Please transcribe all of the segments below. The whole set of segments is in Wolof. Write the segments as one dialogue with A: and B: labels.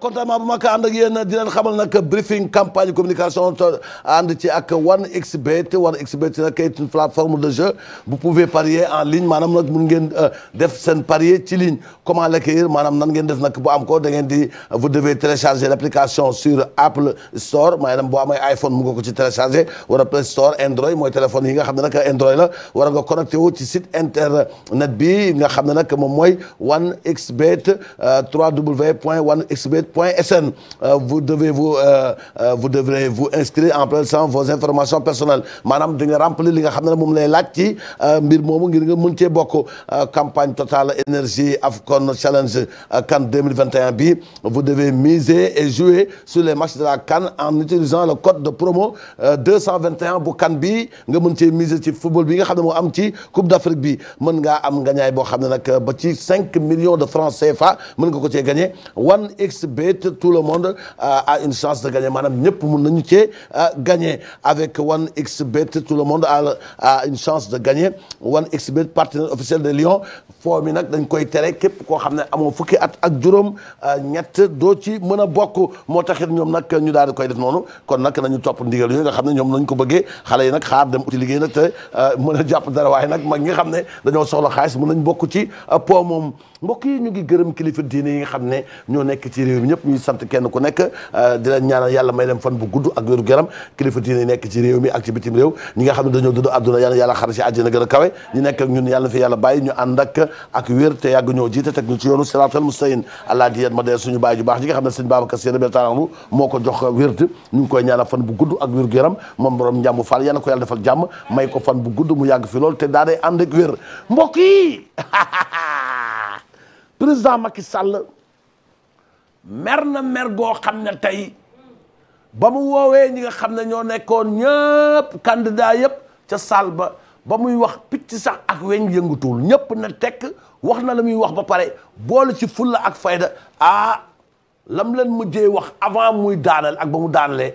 A: contentement bu ma ko ànd ak yéen di leen xamal nag briefing campagne communication ànd ci ak 1xBet 1xBet nag est une plateforme de jeu vous pouvez parier en ligne maanaam nag mun ngeen euh, def seen parier ci ligne comment l'acquérir maanaam nan ngeen def nag bu am ko da ngeen di vous devez télécharger l'application sur Apple Store maanaam boo amee iPhone mu nga ko ci télécharger wala Play Store Android mooy téléphone yi nga xam ne nag Android la war nga connecté wu ci site internet bi nga xam ne nag moom mooy 1xBet 3w euh, point 1xBet www.sn euh, vous devez vous euh, euh, vous devrez vous inscrire en plaçant vos informations personnelles maanaam di nga remplir li nga xam ne moom lay laaj ci mbir moomu ngir nga mën cee bokk campagne Total Énergie Afcon Challenge CAN 2021 bi vous devez miser et jouer sur les matchs de la CAN en utilisant le code de promo 221 bu kan bi nga mën cee miser ci football bi nga xam ne moo am ci Coupe d'Afrique bi mën ngaa am ngañaay boo xam ne nag ba ci 5 millions de francs CFA mën nga ko cee gagné participate tout le monde euh, a une chance de gagner maanaam ñëpp mun nañu cee euh, gagner avec 1xBet tout le monde a une chance de gagner 1xBet partenaire officiel de Lyon foo mi nag dañ koy tere képp koo xam ne amoo fukki at ak juróom euh, ñett doo ci mën a bokk moo taxit ñoom nag ñu daal di koy def noonu kon nag nañu topp ndigal yooyu nga xam ne ñoom nañ ko bëggee xale yi nag xaar dem uti liggéey nag te mën a jàpp dara waaye nag mag ñi nga xam ne dañoo soxla xaalis mën nañ bokk ci po moom mbokk yi ñu ngi gërëm kilifa diine yi nga xam ne ñoo nekk ci réew mi ñëpp ñuy sant kenn ku nekk euh, di leen ñaanal yàlla may leen fan bu gudd ak wéru garam kilifa diine yi nekk ci réew mi ak ci bitim ñi nga xam ne dañoo dund àdduna yàlla a kawe ñu nekk ak ñun yàlla fi yàlla bàyyi ñu ànd ak ak wér te ci yoonu siraatal mustaqim allah di yet ma dee suñu bàyyi ju baax ñi nga xam ne sëñ Babacar Sy rabbi taala moo ko jox wérd ñu ngi koy ñaanal fan bu gudd ak wéru garam moom borom njàmbu faal yàlla ko yàlla defal jàmm may ko fan bu gudd mu yàgg fi lool te daa day ànd ak wér mbokk président Macky Sall mer na mer goo xam ne tey ba mu woowee ñi nga xam ne ñoo nekkoon ñëpp candidat yëpp ca sal ba ba muy wax picc sax ak weñ yëngutuwul ñëpp na tekk wax na la muy wax ba pare boole ci fulla ak fayda ah lam leen jee wax avant muy daanal ak ba mu daanalee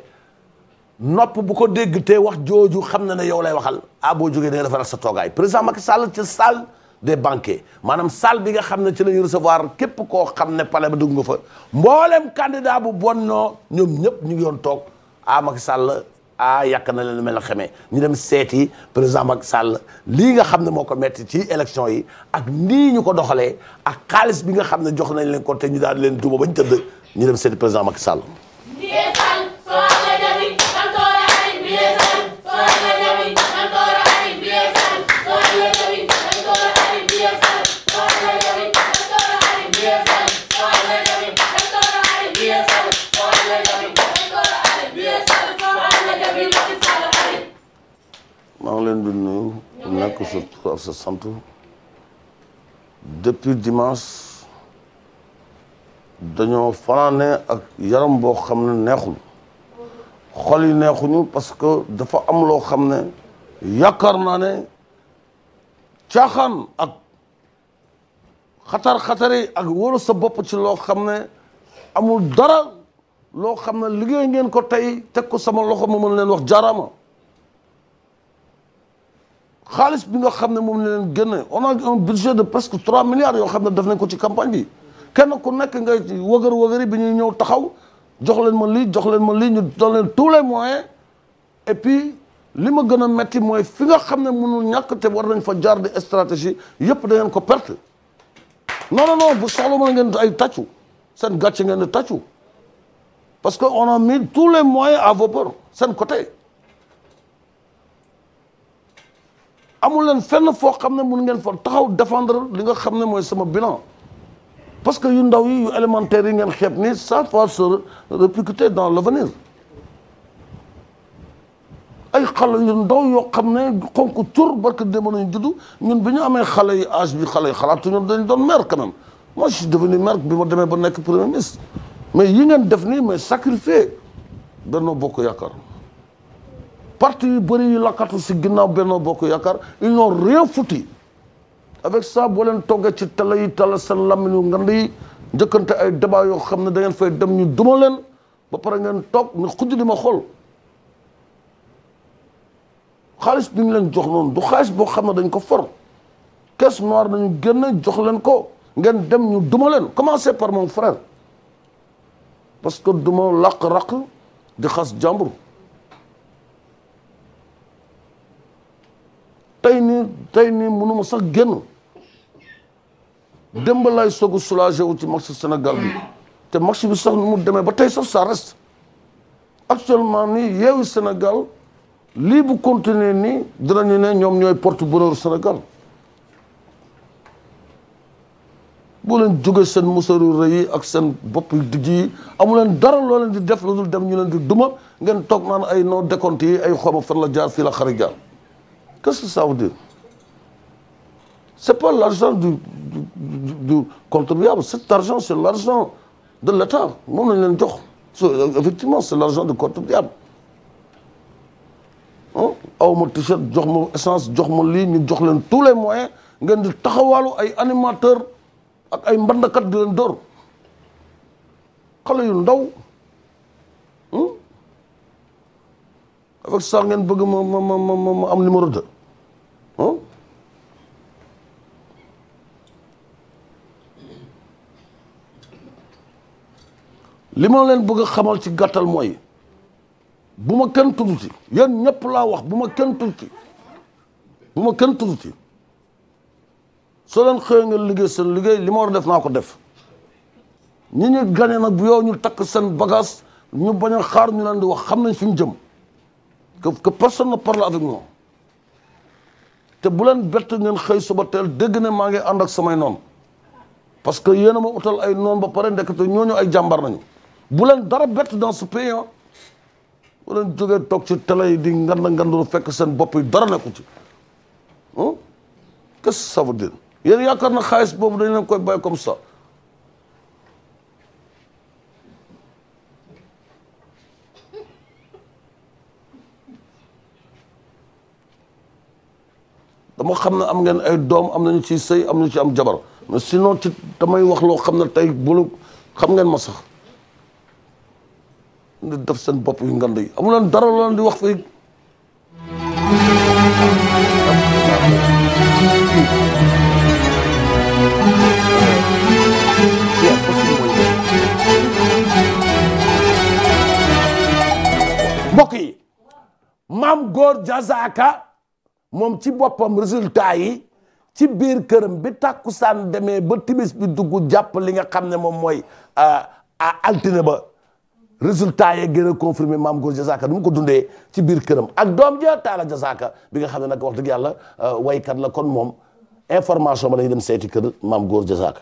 A: nopp bu ko dégg te wax jooju xam na ne yow lay waxal ah boo jógee da nga defaral sa toogaay président Macky Sall ca salle. des banquets maanaam salle bi nga xam ne ci la ñuy recevoir képp koo xam ne palais ba dugg nga fa mboolem candidat bu bonnoo ñoom ñëpp ñu ngi doon toog ah Macky Sall ah yàq na leen mel ne xamee ñu dem seeti président Macky Sall lii nga xam ne moo ko metti ci élection yi ak nii ñu ko doxalee ak xaalis bi nga xam ne jox nañ leen ko ñu daal leen duba bañ tëdd ñu dem seeti président Macky Sall. ngi leen di nuyu ku nekk sa ak sa sant depuis dimanche dañoo fanaane ak yaram boo xam ne neexul xol yi neexuñu parce que dafa am loo xam ne yaakaar naa ne caaxaan ak xatar-xatari ak wóolu sa bopp ci loo xam ne amul dara loo xam ne liggéey ngeen ko tey teg ko sama loxo ma mën leen wax jaaraama xaalis bi nga xam ne moom la gën génne on a un budget de presque 3 milliards yoo xam ne def nañ ko ci campagne bi kenn ku nekk nga wëgër wëgëri bi ñuy ñëw taxaw jox leen ma lii jox leen ma lii ñu doon leen tous les moyens et puis li ma gën a metti mooy fi nga xam ne mënul ñàkk te war nañ fa jaar di stratégie yëpp da ngeen ko perte non non non bu soxla ma ngeen ay tàccu seen gàcce ngeen di tàccu parce que on a mis tous les moyens à vos bords seen côté amul leen fenn foo xam ne mun ngeen fa taxaw défendre li nga xam ne mooy sama bilan parce que yu ndaw yi yu élémentaire yi ngeen xeeb ni ça va se répercuter dans l'avenir ay xale yu ndaw yoo xam ne xonk tur barke démb nañu juddu ñun bi ñu amee xale yi âge bi xale yi xalaatu ñun dañu doon maire quand même moi je suis devenu maire bi demee ba nekk premier ministre mais yi ngeen def nii mais sacrifié Benno Bokk Yaakaar parti yu lakkatu si ginnaaw benn bokku Yaakaar ils n'ont rien foutu avec ça boo leen toggee ci tala tala seen lammiñ yu ngand yi njëkkante ay débat yoo xam ne da ngeen fay dem ñu duma leen ba pare ngeen toog ni xujj di ma xool xaalis bi ñu leen jox noonu du xaalis boo xam ne dañ ko for caisse noire nañu génn jox leen ko ngeen dem ñu duma leen commencez par mon frère parce que duma làq-raq di xas jàmbur tey nii tey nii mënuma sax génn démb laay soog a soulagé wu ci match Sénégal bi te match bi sax nu mu demee ba tey sax ça reste actuellement nii yeewu Sénégal lii bu continuer nii dinañu ne ñoom ñooy porte-bonheur Sénégal boo leen jógee seen musaru rëy yi ak seen bopp yu digg yi amu leen dara loo leen di def lu dul dem ñu leen di duma ngeen toog naan ay non décompte ay xoma fan la jaar fii la xari Qu'est-ce que ça veut dire Ce n'est pas l'argent du, du, du, du, contribuable, cet argent, c'est l'argent de l'État. Effectivement, c'est l'argent du contribuable. ah aw ma t-shirt jox ma essence jox ma lii ñu jox leen tous les moyens ngeen di taxawaalu ay animateur ak ay mbandakat di leen dóor xale yu ndaw avec ça ngeen bëgg ma mu ma ma am numéro 2 li ma leen bëgg a xamal ci gàttal mooy bu ma kenn tudd ci yéen ñëpp laa wax bu ma kenn tudd ci bu ma kenn tudd soo leen xëyee ngeen liggéey seen liggéey li ma war def naa ko def ñi ñu gane nag bu yow ñu takk seen bagage ñu bañ a xaar ñu leen di wax xam nañ fi ñu jëm que que personne ne parle avec nous te bu leen bett ngeen xëy ba teel dëgg ne maa ngi ànd ak samay noon parce que yéen a ma utal ay noon ba pare ndekete ñooñu ay jàmbar nañu bu leen dara bett dans ce pays ah bu leen jógee toog ci télé yi di nganda ngandulu fekk seen bopp yi dara nekku ci ah qu'est-ce que ça yaakaar na xaalis boobu dañ leen koy bàyyi comme ça dama xam ne am ngeen ay doom am nañu ci sëy am nañu ci am jabar mais sinon ci damay wax loo xam ne tey bulu xam ngeen ma di def seen bopp yu ngand yi amuleen dara loon di wax fii mbokk maam góor jazaaka moom ci boppam résultat yi ci biir këram bi tàkkusaan deme ba timis bi dugg jàpp li nga xam ne moom mooy euh, altine ba résultat yeeg gën a confirmé maam góor Jazaaka du mu ko dundee ci biir këram ak doom ja Talla Jazaaka bi nga xam ne nag wax dëgg yàlla euh, waykat la kon moom information ba dañuy dem seeti kër maam góor Jazaaka.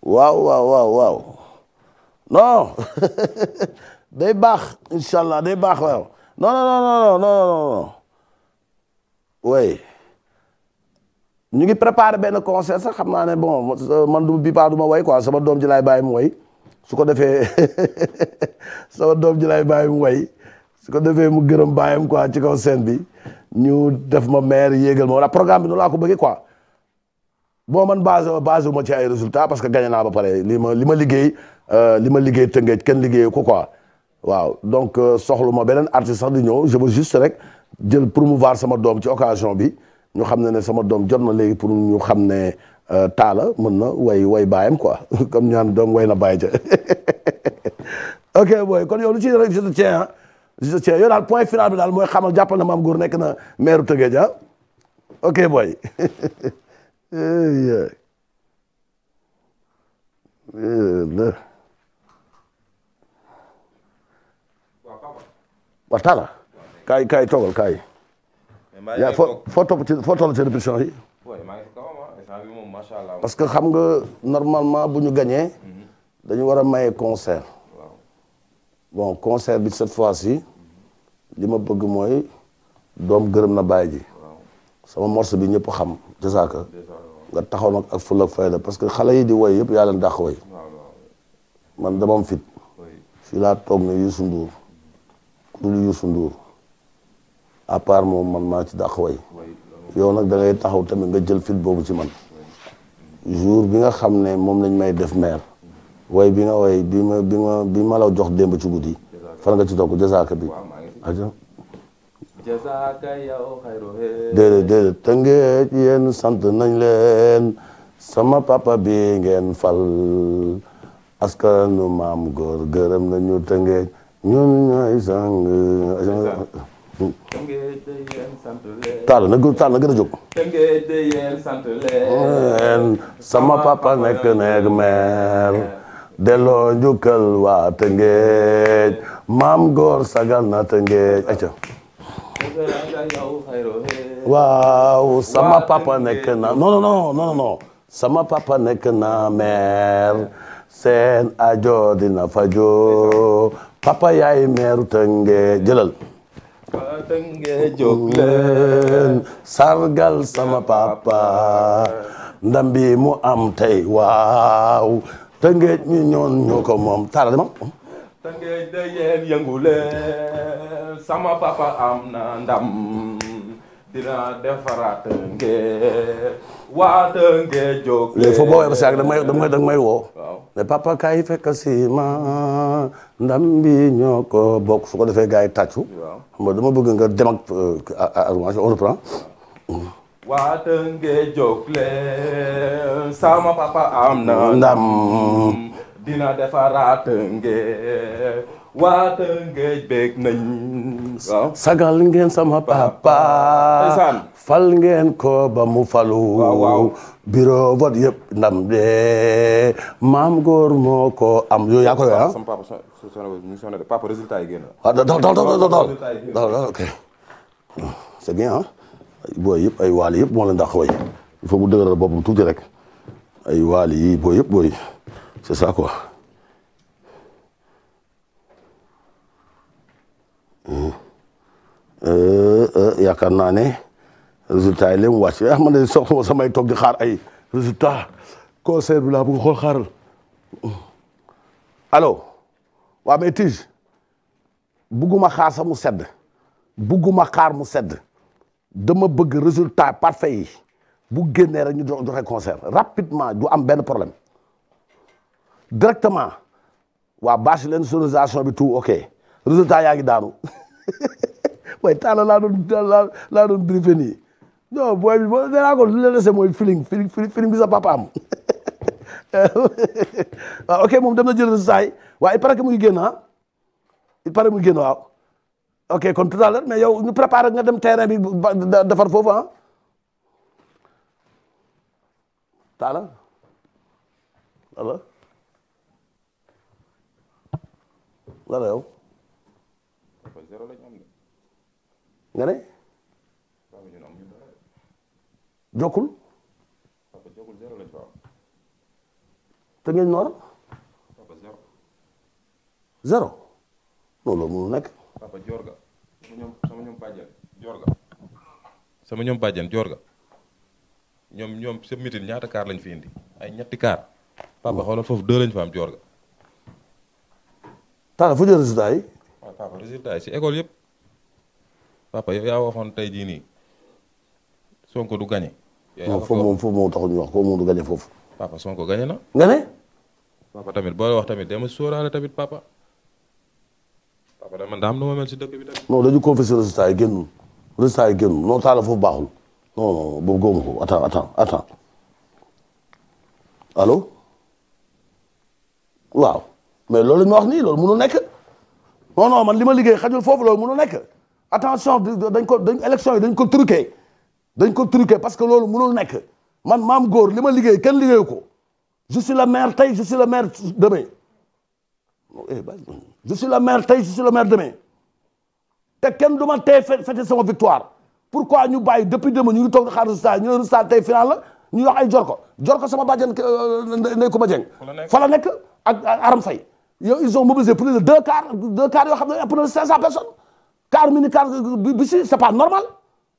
A: waaw waaw waaw non day baax incha allah day baax waaw non non non non non non non oui. ñu ngi préparer benn concert sax xam naa ne bon man du bi paa du ma woy quoi sama doom ji baay bàyyi mu woy su ko defee sama doom ji laay bàyyi mu woy su ko defee mu gërëm bàyyam quoi ci kaw scène bi ñu def ma maire yéegal ma wala programme bi noonu laa ko bëggee quoi boo man base base wu ma ci ay résultats parce que gagné naa ba pare li ma li ma liggéey euh, li ma liggéey tëngeej kenn liggéey ko ko waaw donc euh, soxlu ma beneen artiste sax di ñëw je veux juste rek jël promouvoir sama doom ci occasion bi ñu xam ne ne sama doom jot na léegi pour ñu xam ne euh, taala mën na way way baayam quoi comme doom way na baay ja ok booy kon yow lu ci rek je te tiens yow daal point final daal mooy xamal jàppal na maam góor nekk na maire Tëngéej ja ah. ok booy waaw taala kaay kaay toogal kaay yaa foo foo topp ci foo toll ci répétition yi. parce que xam nga normalement bu ñu gañee mhm. dañu war a maye concert. bon concert bi cette fois-ci li ma bëgg mooy doom gërëm na baay ji. sama morceau bi ñëpp xam Jazaaka nga taxaw nag ak fulla ak fayda parce que xale yi di woy yëpp yaa leen dàq woy man dama am fit fii toog ne Youssou Ndour ku dul Youssou Ndour à part moom man maa ci dàq way yow nag da ngay taxaw tamit nga jël fit boobu ci man jour bi nga xam ne moom lañ may def maire way bi nga way bi ma bi ma bi ma la jox ci guddi fan nga ci togg jasaaka bi aja
B: déedéet
A: déedéet te ngeen yéen sant nañ leen sama papa bi ngeen fal askanu maam góor gërëm nañu te ngeen ñun ñooy sang taal na gën taal na
B: gën a
A: sama papa nekk nekk meer delloo njukkal waa Tëngéej maam góor sagal na Tëngéej acca waaw sama papa nekk na non non non sama papa nekk na meer seen ajo dina fajo papa yaay meeru Tëngéej jëlal waa Tëngéej leen sargal sama papa ndam bi mu am tey waaw Tëngéej ñu ñoon ñoo ko moom taara de moom
B: Tëngéej de yéen leen sama papa am na ndam dina defaraat ngeen waat ngeen jóg. léegi foofu boo xoolee damay damay damay woo.
A: waaw papa kaay fekk si ma ndam bi ñoo ko bokk su ko defee gars yi tàccu. waaw xam nga dama bëgg nga dem ak euh, arrange on reprend.
B: papa am na ndam. dina defaraat ngeen waat ngeen bég nañ.
A: sagal ngeen sama papa fal ngeen ko ba mu falu bureau vote yëpp ndam de maam góor moo ko am yow yaa koy ah
B: papa résultat yi
A: ok c'est bien ah booy yëpp ay waali yëpp moo leen dàq way il faut mu dëgëral boppam tuuti rek ay waali yi booy yëpp booy c'est ça quoi Eh, eh, yaakaar naa ne résultat yi leen wàcc ah man de soxla samay toog di xaar ay résultat concert bi laa bëgg xool xaaral waa mais Tige bugguma xaar sax mu sedd bugguma xaar mu sedd dama bëgg résultat parfait yi bu génnee rek ñu joxe concert rapidement du am benn problème directement waa bâche leen sonorisation bi tout ok résultat yaa ngi daanu waaye taala laa doon laa doon briefé nii non booy bi boo nee naa ko lu la dese mooy feeling feeling bi sa papa am ok moom dem na jël waaye il paraît que mu ngi génn ah il paraît mu ngi génn waaw ok kon tout à l'heure mais yow ñu préparé nga dem terrain bi defar foofu ah taala wala yow nga ne. jokkul. te ngeen noor. zéro. non loolu mënul nekk.
B: papa joor ga sama ñoom bàjjen joor ga sama ñoom bàjjen joor ga ñoom ñoom sa mitin ñaata kaar lañ fi indi ay ñetti kaar. papa xoolal foofu deux lañ fa am joor ga. taala fu jël résultat yi. si école yëpp. papa yow yaa waxoon tey jii nii Sonko du gagné. non foofu
A: moom foofu moom taxul ñu wax ko moom du gagné foofu. papa Sonko gagné na. nga ne.
B: papa tamit boo wax tamit dama sóoraale tamit papa. papa da man daa am lu ma mel si dëkk bi tamit.
A: non dañu confesser allo waaw mais loolu la wax nii loolu mënul nekk non man li ma liggéey xajul foofu loolu mënul nekk. attention dañ ko dañ élection dañ ko truqué dañ ko truqué parce que loolu mu noon nekk man maam góor li ma liggéey kenn liggéey ko je suis le maire tey je suis le maire demain eh, je suis le maire tey je suis le maire demain te kenn du ma tey fête sama victoire pourquoi ñu bàyyi depuis demain ñu ngi toog di xaar résultat ñu ne résultat ay jor ko jor ko sama bàjjen euh, Ndeye Coumba Dieng fa la nekk ak Aram Faye yow ils ont mobilisé de deux quarts deux quarts cinq cent personnes car mini car bi si c'est pas normal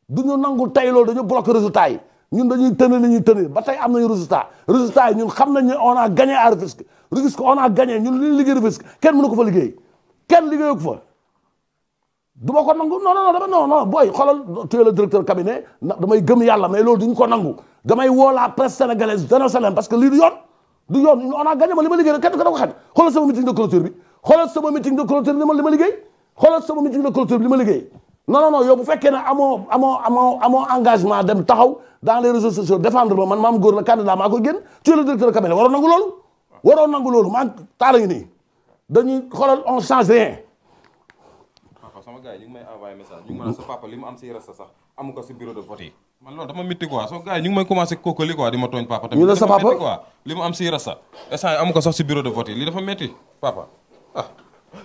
A: du ñu nangul tey loolu dañu bloqué résultat yi ñun dañuy tënne li ñuy ba tey am nañu résultat résultat yi ñun xam nañ ne on a gagné à kenn mënu ko fa liggéey kenn liggéeyu ko fa du ma ko nangu non non dama non gëm yàlla mais loolu duñ ko nangu damay woo la presse sénégalaise parce que lii du yoon du yoon on a gagné ma li ma liggéey kenn ko da ko xam sama meeting de clôture bi xoolal sama meeting de clôture bi li ma li ma xoolal sama meeting de clôture bi li ma liggéey non non bu fekkee ne amoo amoo amoo amoo engagement dem taxaw dans les réseaux sociaux défendre ma man maam góor la candidat maa koy génn tu es le directeur cabinet waroon nangu loolu waroon nii dañuy xoolal on change rien
B: sama gars yi ñu ngi may envoyé li mu am yi man loolu may commencé kookali quoi di ma tooñ papa tamit ñu ne sa papa si reste sax instant amu sax si bureau de vote yi li dafa métti papa ah.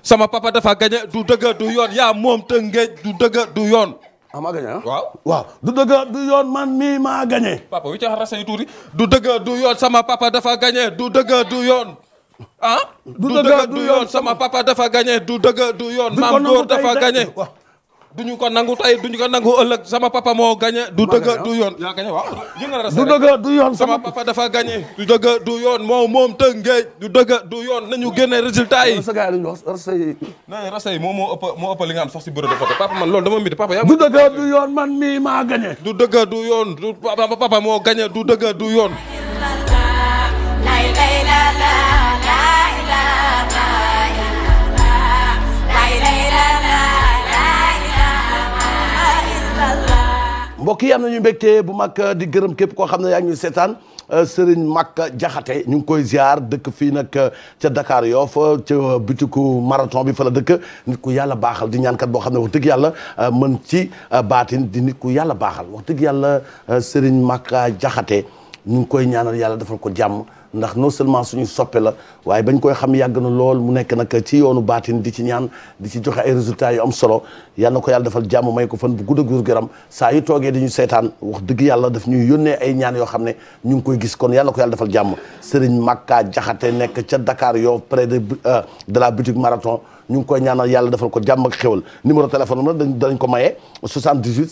B: sama papa dafa gagné du dëgg du yoon yaa moom Tëngéej du dëgg du yoon. ah, ah? waaw du dëgg du yoon man mii maa gagné. papa wi ca xarala say tuuti du dëgg du yoon sama papa dafa gagné du dëgg du yoon. ah du dëgg du yoon sama papa dafa gagné du dëgg du yoon. maam góor dafa gagné. du ñu ko nangu tey duñu ko nangu ëllëg sama papa moo gagné du dëgg du yoon yaa gagné waaw du dëgg du yoon sama papa dafa gagné du dëgg du yoon moom moom tëngeej du dëgg du yoon nañu génne résultat yi na rasa yi moom moo ëpp moo ëpp li a am sax si bureau de vote papa man loolu dama miti papa yaa du dëgg du yoon man mii maa gagné du dëgg du yoon du papa moo gagné du dëgg du yoon
A: mbokk yi am nañu mbégte bu mag euh, di gërëm képp koo xam ne yaa ngi ñuy seetaan euh, Serigne Makka Jaxate ñu ngi koy ziar dëkk fii nag euh, ca Dakar Yoff ca bitiku maraton bi fa la dëkk nit ku yàlla baaxal di ñaankat boo xam ne wax dëgg yàlla mën ci baatin di nit ku yàlla baaxal wax dëgg yàlla Serigne Makka Jaxate ñu ngi koy ñaanal yàlla defal ko jàmm ndax non seulement suñu soppee la waaye bañ koy xam yàgg na lool mu nekk nag ci yoonu baatin di ci ñaan di ci joxe ay résultats yu am solo yal ko yàlla defal jàmm may ko fan bu gudd ak saa yu toogee di ñu seetaan wax dëgg yàlla daf ñuy yónnee ay ñaan yoo xam ne ñu ngi koy gis kon yàlla ko yàlla defal jàmm Serigne Makka Jaxate nekk ca Dakar yow près de euh, de la boutique maraton ñu ngi koy ñaanal yàlla defal ko jàmm ak xéwal numéro téléphone am la dañ ko maye 78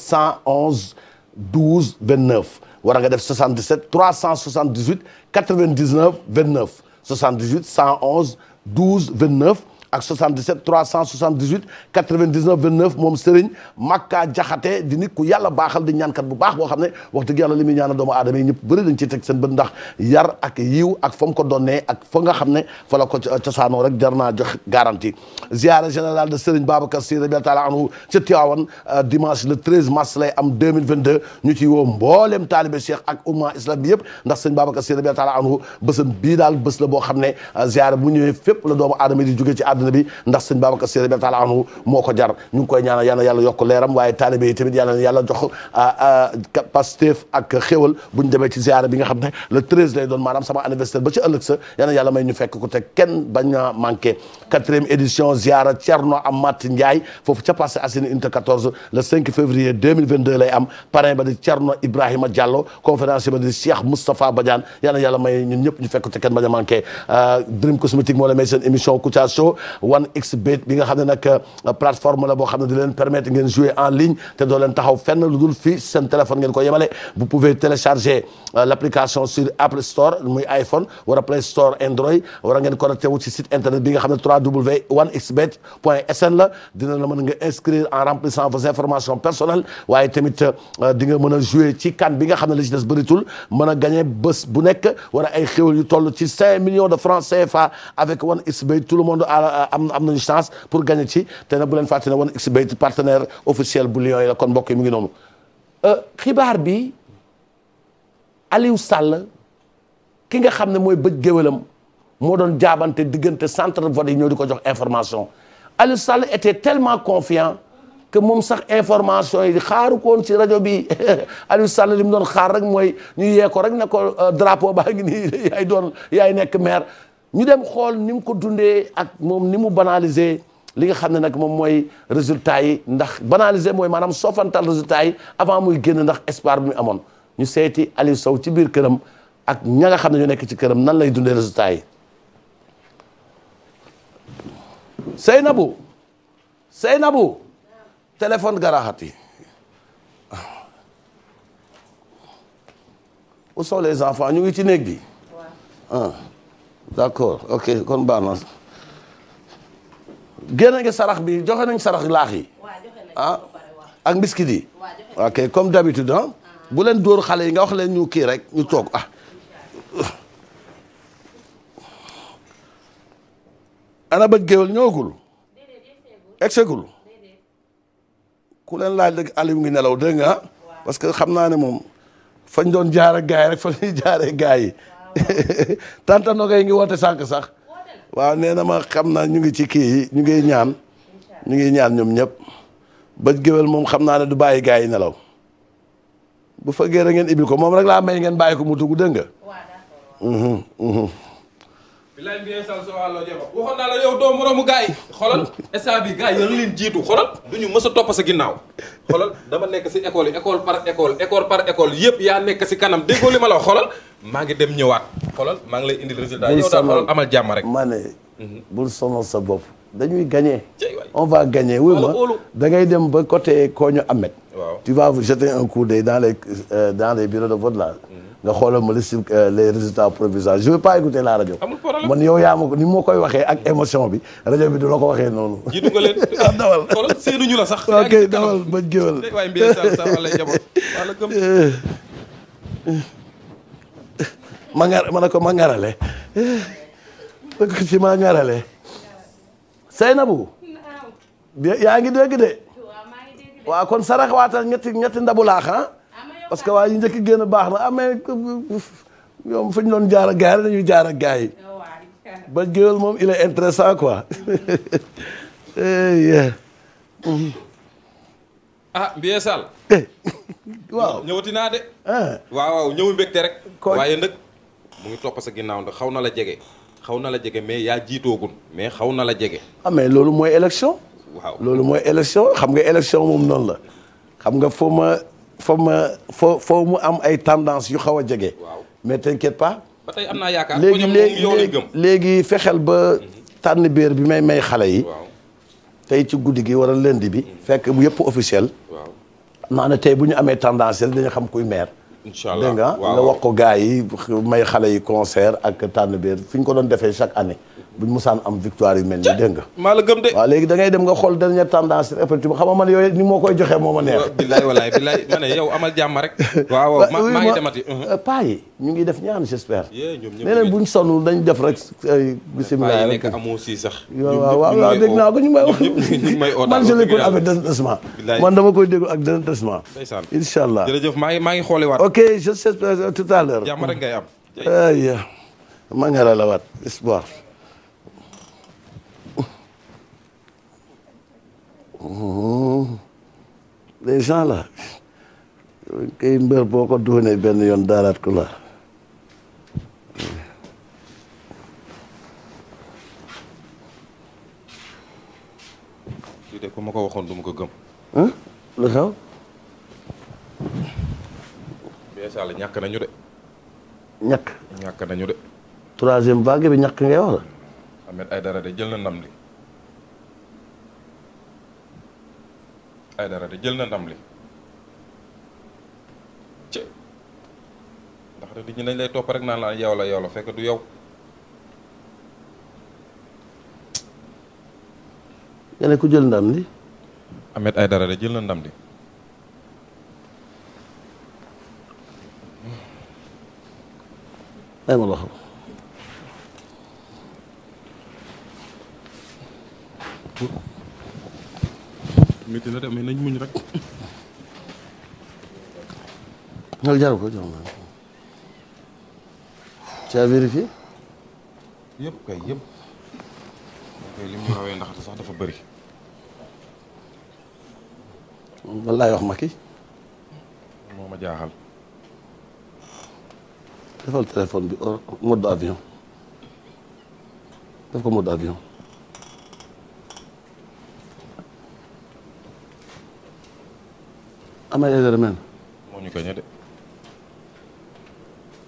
A: 111 12 29 war nga def 77 378 99 29 78 111 12 29 ak 77 378 99 29 moom Serigne Makka Jaxate di nit ku yàlla baaxal di ñaankat bu baax boo xam ne wax dëgg yàlla li muy ñaanal doomu aadama yi ñëpp bëri dañ teg seen bët ndax yar ak yiw ak fa ko donnee ak fa xam ne fa ko cosaanoo rek jar naa jox garantie ziara générale de Serigne Babacar Sy rabiàl taala anhu ca Tiwaawan euh, dimanche le 13 mars lay am 2022 ñu ci woo mbooleem taalibe Cheikh ak umma islam bi yëpp ndax Serigne Babacar Sy rabiàl taala anhu bésam bii daal bés la boo xam ne euh, ziara bu ñëwee fépp la doomu àdduna bi ndax sëñ Babacar Sy rabbi taala anhu moo jar ñu koy ñaanal yàlla yokk leeram waaye taalibe yi tamit yàlla jox Pastef ak xéwal bu ñu demee ci ziara bi nga xam ne le 13 lay doon maanaam sama anniversaire ba ci ëllëg sa yàlla may ñu fekk ko te kenn bañ a manqué quatrième édition ziara Thierno Amath Ndiaye foofu ca Parcelles Assainies unité 14 le février lay am parrain ba di Thierno Ibrahima Diallo conférencier ba di Cheikh Moustapha Badiane a manqué euh, one xbet bi nga xam ne nag euh, plateforme la boo xam ne di leen téléphone ngeen ko télécharger euh, l'application sur Apple Store muy iPhone wala Play Store Android wala ngeen connecté wu ci site internet bi nga xam w one xbet sn la dina la mën nga inscrire en remplissant vos informations personnelles waaye tamit euh, di nga mën a jouer ci kan bi nga xam ne li ci des bëritul mën a gagner bés bu nekk wala ay xéwal yu toll ci 5 millions de am am nañu chance pour gagner ci te na bu leen fàtte ne woon XBET partenaire officiel bu Lions yi la kon mbokk yi mu ngi noonu euh, xibaar bi Aliou Sall ki nga xam ne mooy bëj géwélam moo doon jaabante diggante centre vote yi ñoo di ko jox information Aliou Sall était tellement confiant que moom sax information yi xaaru koon ci rajo bi Aliou Sall li mu doon xaar rek mooy ñu yee rek ne ko euh, drapeau baa ngi nii yaay nekk maire ñu dem xool ni mu ko dundee ak moom ni mu banaliser li nga xam ne nag moom mooy résultat yi ndax banaliser mooy maanaam soofantal résultat yi avant muy génn ndax espoir bi mu amoon ñu seeti Aliou Sow ci biir këram ak ña xam ne ñu nekk ci këram nan lay dundee résultat yi na bu téléphone garaxat yi où sont les enfants ñu ngi ci néeg bi ah. d'accord ok kon baax na génne sarax bi joxe nañ sarax laax yi ah, ak mbiskit yi ok comme d'habitude ah. ah bu leen dóor xale yi nga wax leen ñu kii rek ñu toog ah. ana bëj géwél ñëwagul egsegul ku leen laaj rek Aliou ngi nelaw dégg nga parce que xam naa ne moom fañ doon jaar ak gaay rek fa ñuy jaaree gaay yi tanta Nogaye ngi woote sànq sax waaw nee na ma xam naa ñu ngi ci kii yi ñu ngi ñaan ñu ngi ñaan ñoom ñëpp bëj géwél moom xam naa ne du bàyyi gars yi nelaw bu fëggee rek ngeen ibil ko moom rek laa may ngeen bàyyi ko mu dugg dégg nga
B: bilaay mbiyee sal so àlloo jeeba waxoon naa la yow doo moroomu gars yi xoolal instant bi gars yi yéen leen jiitu xoolal du a ginnaaw xoolal dama nekk si école yi école par école école par école yëpp yaa nekk si kanam déggoo li ma la xoolal maa ngi dem ñëwaat xoolal maa ngi lay indil résultat yow daal xoolal
A: amal jàmma rek ma ne mhm. bul sonal sa bopp dañuy gagner on va gagner oui ma da ngay dem ba côté kooñu Ahmed waaw tu vas jeter un coup d'œil dans les euh, dans de vote là mhm. nga xoolal ma euh, les résultats provisoires je veux pas écouter la rajo. man yow yaa ko ni ma koy waxee ak émotion bi rajo bi du la ko waxee noonu. jiitu ah, ma nga ma ne ko ma ngarale ma ko ci ma ngarale Seynabou yaa ngi dégg de waaw kon sarax waatal ñetti ñetti ndabu laax ah? parce que waa yi njëkk génn baax na amee ñoom fu doon jaar ak gars yi jaar gars yi ba géwél moom il est intéressant quoi eh,
B: ah Mbiye Sall eh. waaw ñëwati naa de ah. waaw waaw ñëw rek waaye nag mu ngi topp sa ginnaaw ndax xaw na la jege xaw na la jege mais yaa jiitoogul mais xaw na la jege
A: ah loolu mooy élection waaw loolu mooy élection xam nga élection moom noonu la xam nga foo fa ma foo foo mu am ay tendance yu xaw a jege. mais t'inquiète pas.
B: ba tey am yaakaar léegi léegi
A: léegi fexeel ba tànn béer bi may may xale yi. tey ci guddi gi wala lundi bi. Mm. fekk bu yëpp officiel. waaw naa tey bu ñu amee tendance yëpp dañu xam kuy maire. incha allah dégg nga wax ko gars yi may xale yi concert ak tànn béer fi ñu ko doon defee chaque année. buñ musaan am victoire yu mel nii dégg maa la gëm de. waaw léegi da ngay dem nga xool dernière tendance répertoire bi xam nga man yooyu ni moo koy joxee moo ma neex.
B: billaay walaay billaay ma ne yow amal ngi demati. Uh-huh.
A: Euh, paa yi ñu ngi def ñaan j'espère.
B: nee
A: nañ buñ sonnul dañ def rek. bisimilah paa yi nekk amoo si sax. waaw waaw waaw dégg naa ko ñu may.
B: ñu may oo man je l'écoute avec
A: détachement. man dama koy déglu ak détachement. incha maa
B: ngi maa ngi xoolewaat. ok je sais euh, tout à l'heure. jàmm rek ngay am.
A: ay maa ngi la waat espoir les gens là mbër boo ko doonee benn yoon daaraat ko la
B: ku ma ko waxoon du ma ko gëm. lu xew. Sall ñàkk nañu de.
A: ñàkk ñàkk nañu de. troisième vague bi ñàkk ngay wax la.
B: Ahmed ay dara de jël na ndam li ci ndax di ñu dañ lay topp rek naa la yow la yow la fekk du yow
A: nga ku jël ndam li
B: Ahmed Aïdara de jël na ndam li ay ma la xam Thank you. métti na de mais nañ muñ rek.
A: loolu jaru ko jaru ma tu as vérifié. yëpp kay yëpp.
B: ndax sax dafa bëri.
A: lan laay wax Macky. moo ma jaaxal. defal téléphone bi or mode avion def ko mode avion. Ahmed Aidara mel. moo ñu gañe de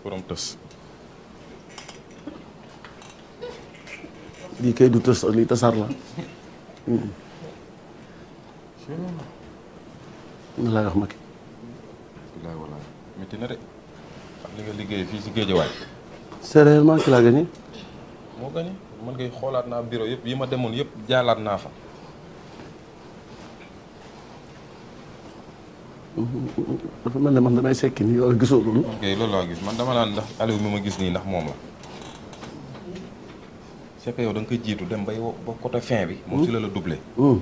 A: borom tës. lii kay du tës lii tasaar la. ma hmm. laay wax Macky. wallaahi wallaahi métti de.
B: xam li nga liggéey fii si
A: Géejawaay. c'est réellement ki laa gagné.
B: moo gagné man kay xoolaat naa bureau yëpp yi ma demoon yëpp jaalaat naa fa.
A: dafa mel ne man damay sekki nii loolu gisoo loolu. ok
B: loolu laa gis man dama naan ndax Aliou mi ma gis nii ndax moom la. c'est que yow koy jiitu dem bay ba côté fin bi. moom si la la doublé.
A: Hmm.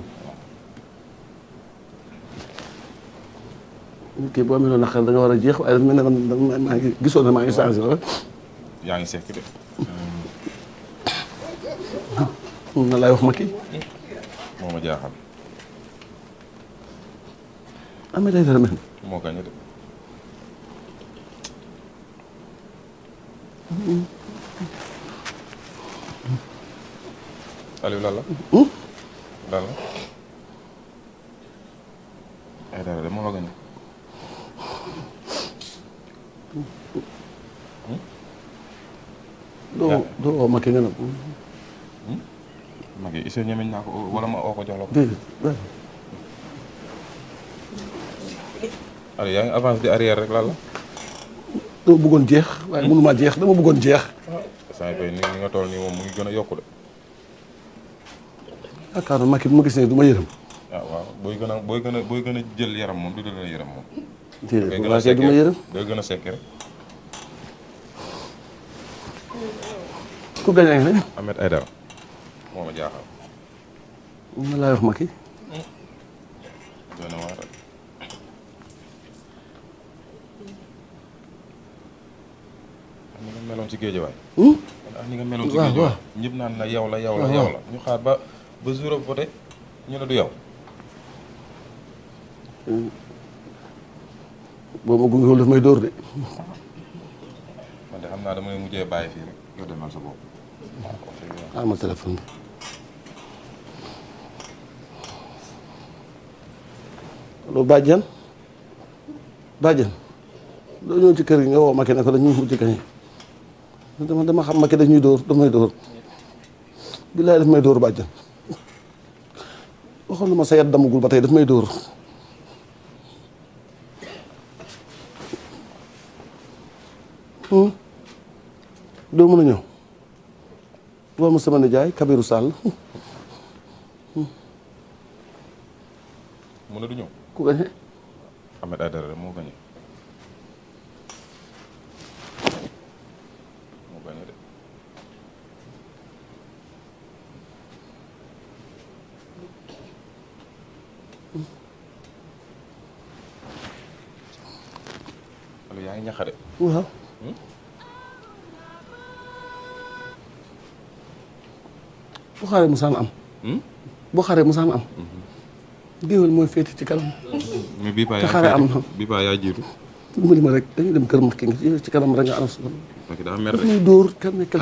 A: Hmm. Hmm. boo amee noonu xel war a jeex waaye dafa mel ne man maa ngi gisoo ne maa ngi changé wala. yaa ngi sekki de. na laay wax ma kii.
B: Ahmed Aïdara mel. moo gagné de. Aliou lan la. lan la. doo doo oo nga ne ko. Macky isa ñemeñ naa ko wala ma oo ko
A: jox ko.
B: alors yaa ngi avance di arrière rek lan la.
A: dama bëggoon jeex. waaye hmm? mënu maa jeex dama bëggoon jeex. Ah.
B: saa yu ni nga toll nii moom mu ngi gën a yokku de.
A: yaakaar naa Macky bu yërëm.
B: Ah, booy gën a booy gën a booy gën jël yaram moom du la la yërëm moom. déedéet bu ma see du gën a sekk rek. ku gañe nga ne. Ahmed Aïdara moo ma laay wax Macky. meloon ci géejawaay. ak ni nga meloon ci géejawaay ñëpp naan la yow la yow la yaw la ñu xaar ba ba jour voté ñu ne daf may dóor de. man de xam naa dama lay mujjee bàyyi fii rek
A: yow demal ah, bi. allo Badiane Badiane loo ñëw ci kër gi nga woo ma ne ko dañuy wut ci kañ. dama dama xam Macky dañuy dóor daf may dóor billaay daf may dóor bàjjan waxoon na ma sa damagul ba tey daf may dóor hmm? doo mën a ñëw woo mu ne jaay ñëw ku gañe
B: Ahmed ñaxare. waaw.
A: bu hmm? xaaree musaam am. Hmm? boo xaaree musaam am. Hmm. géwél mooy féete ci kanam.
B: mais bii paa yaa xaaree am na bii paa yaa jiitu.
A: dimbali ma rek dañuy dem kër Macky nga ci kanam rek nga anas.
B: Macky daa mer rek dóor ci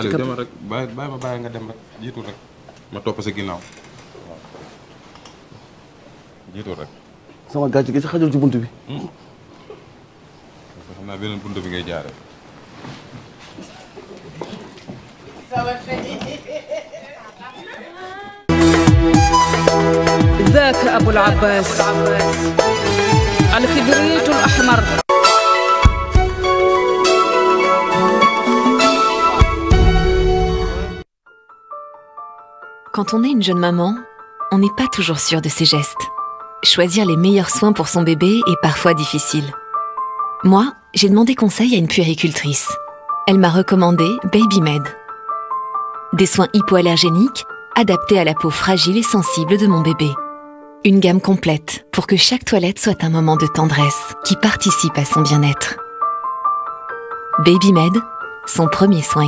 B: kanam rek bàyyi bàyyi ma bàyyi nga dem rek jiitu rek. ma topp sa ginnaaw waaw
A: sama gàcce gi ci xajul ci bunt
B: xam naa beneen bunt bi Quand on est une jeune maman, on n'est pas toujours sûr de ses gestes. Choisir les meilleurs soins pour son bébé est parfois difficile. Moi, j'ai demandé conseil à une puéricultrice. Elle m'a recommandé BabyMed. Des soins hypoallergéniques adaptés à la peau fragile et sensible de mon bébé. Une gamme complète pour que chaque toilette soit un moment de tendresse qui participe à son bien-être. BabyMed, son premier soin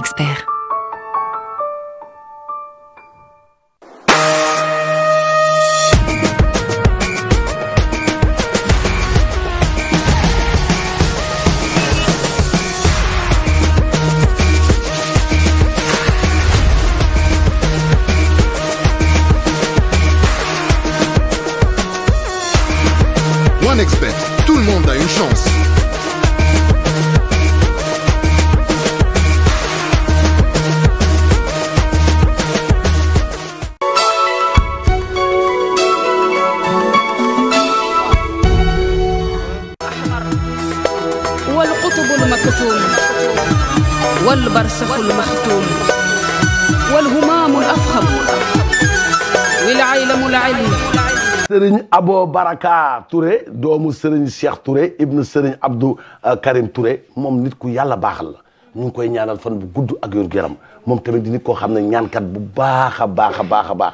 A: Abo Baraka Touré doomu Serigne Cheikh Touré ibnu Serigne Abdou euh, Karim Touré moom nit ku yàlla baaxal la ñu ngi koy ñaanal fan bu gudd ak yor yaram moom tamit di nit koo xam ne ñaankat bu baax a baax a baax a baax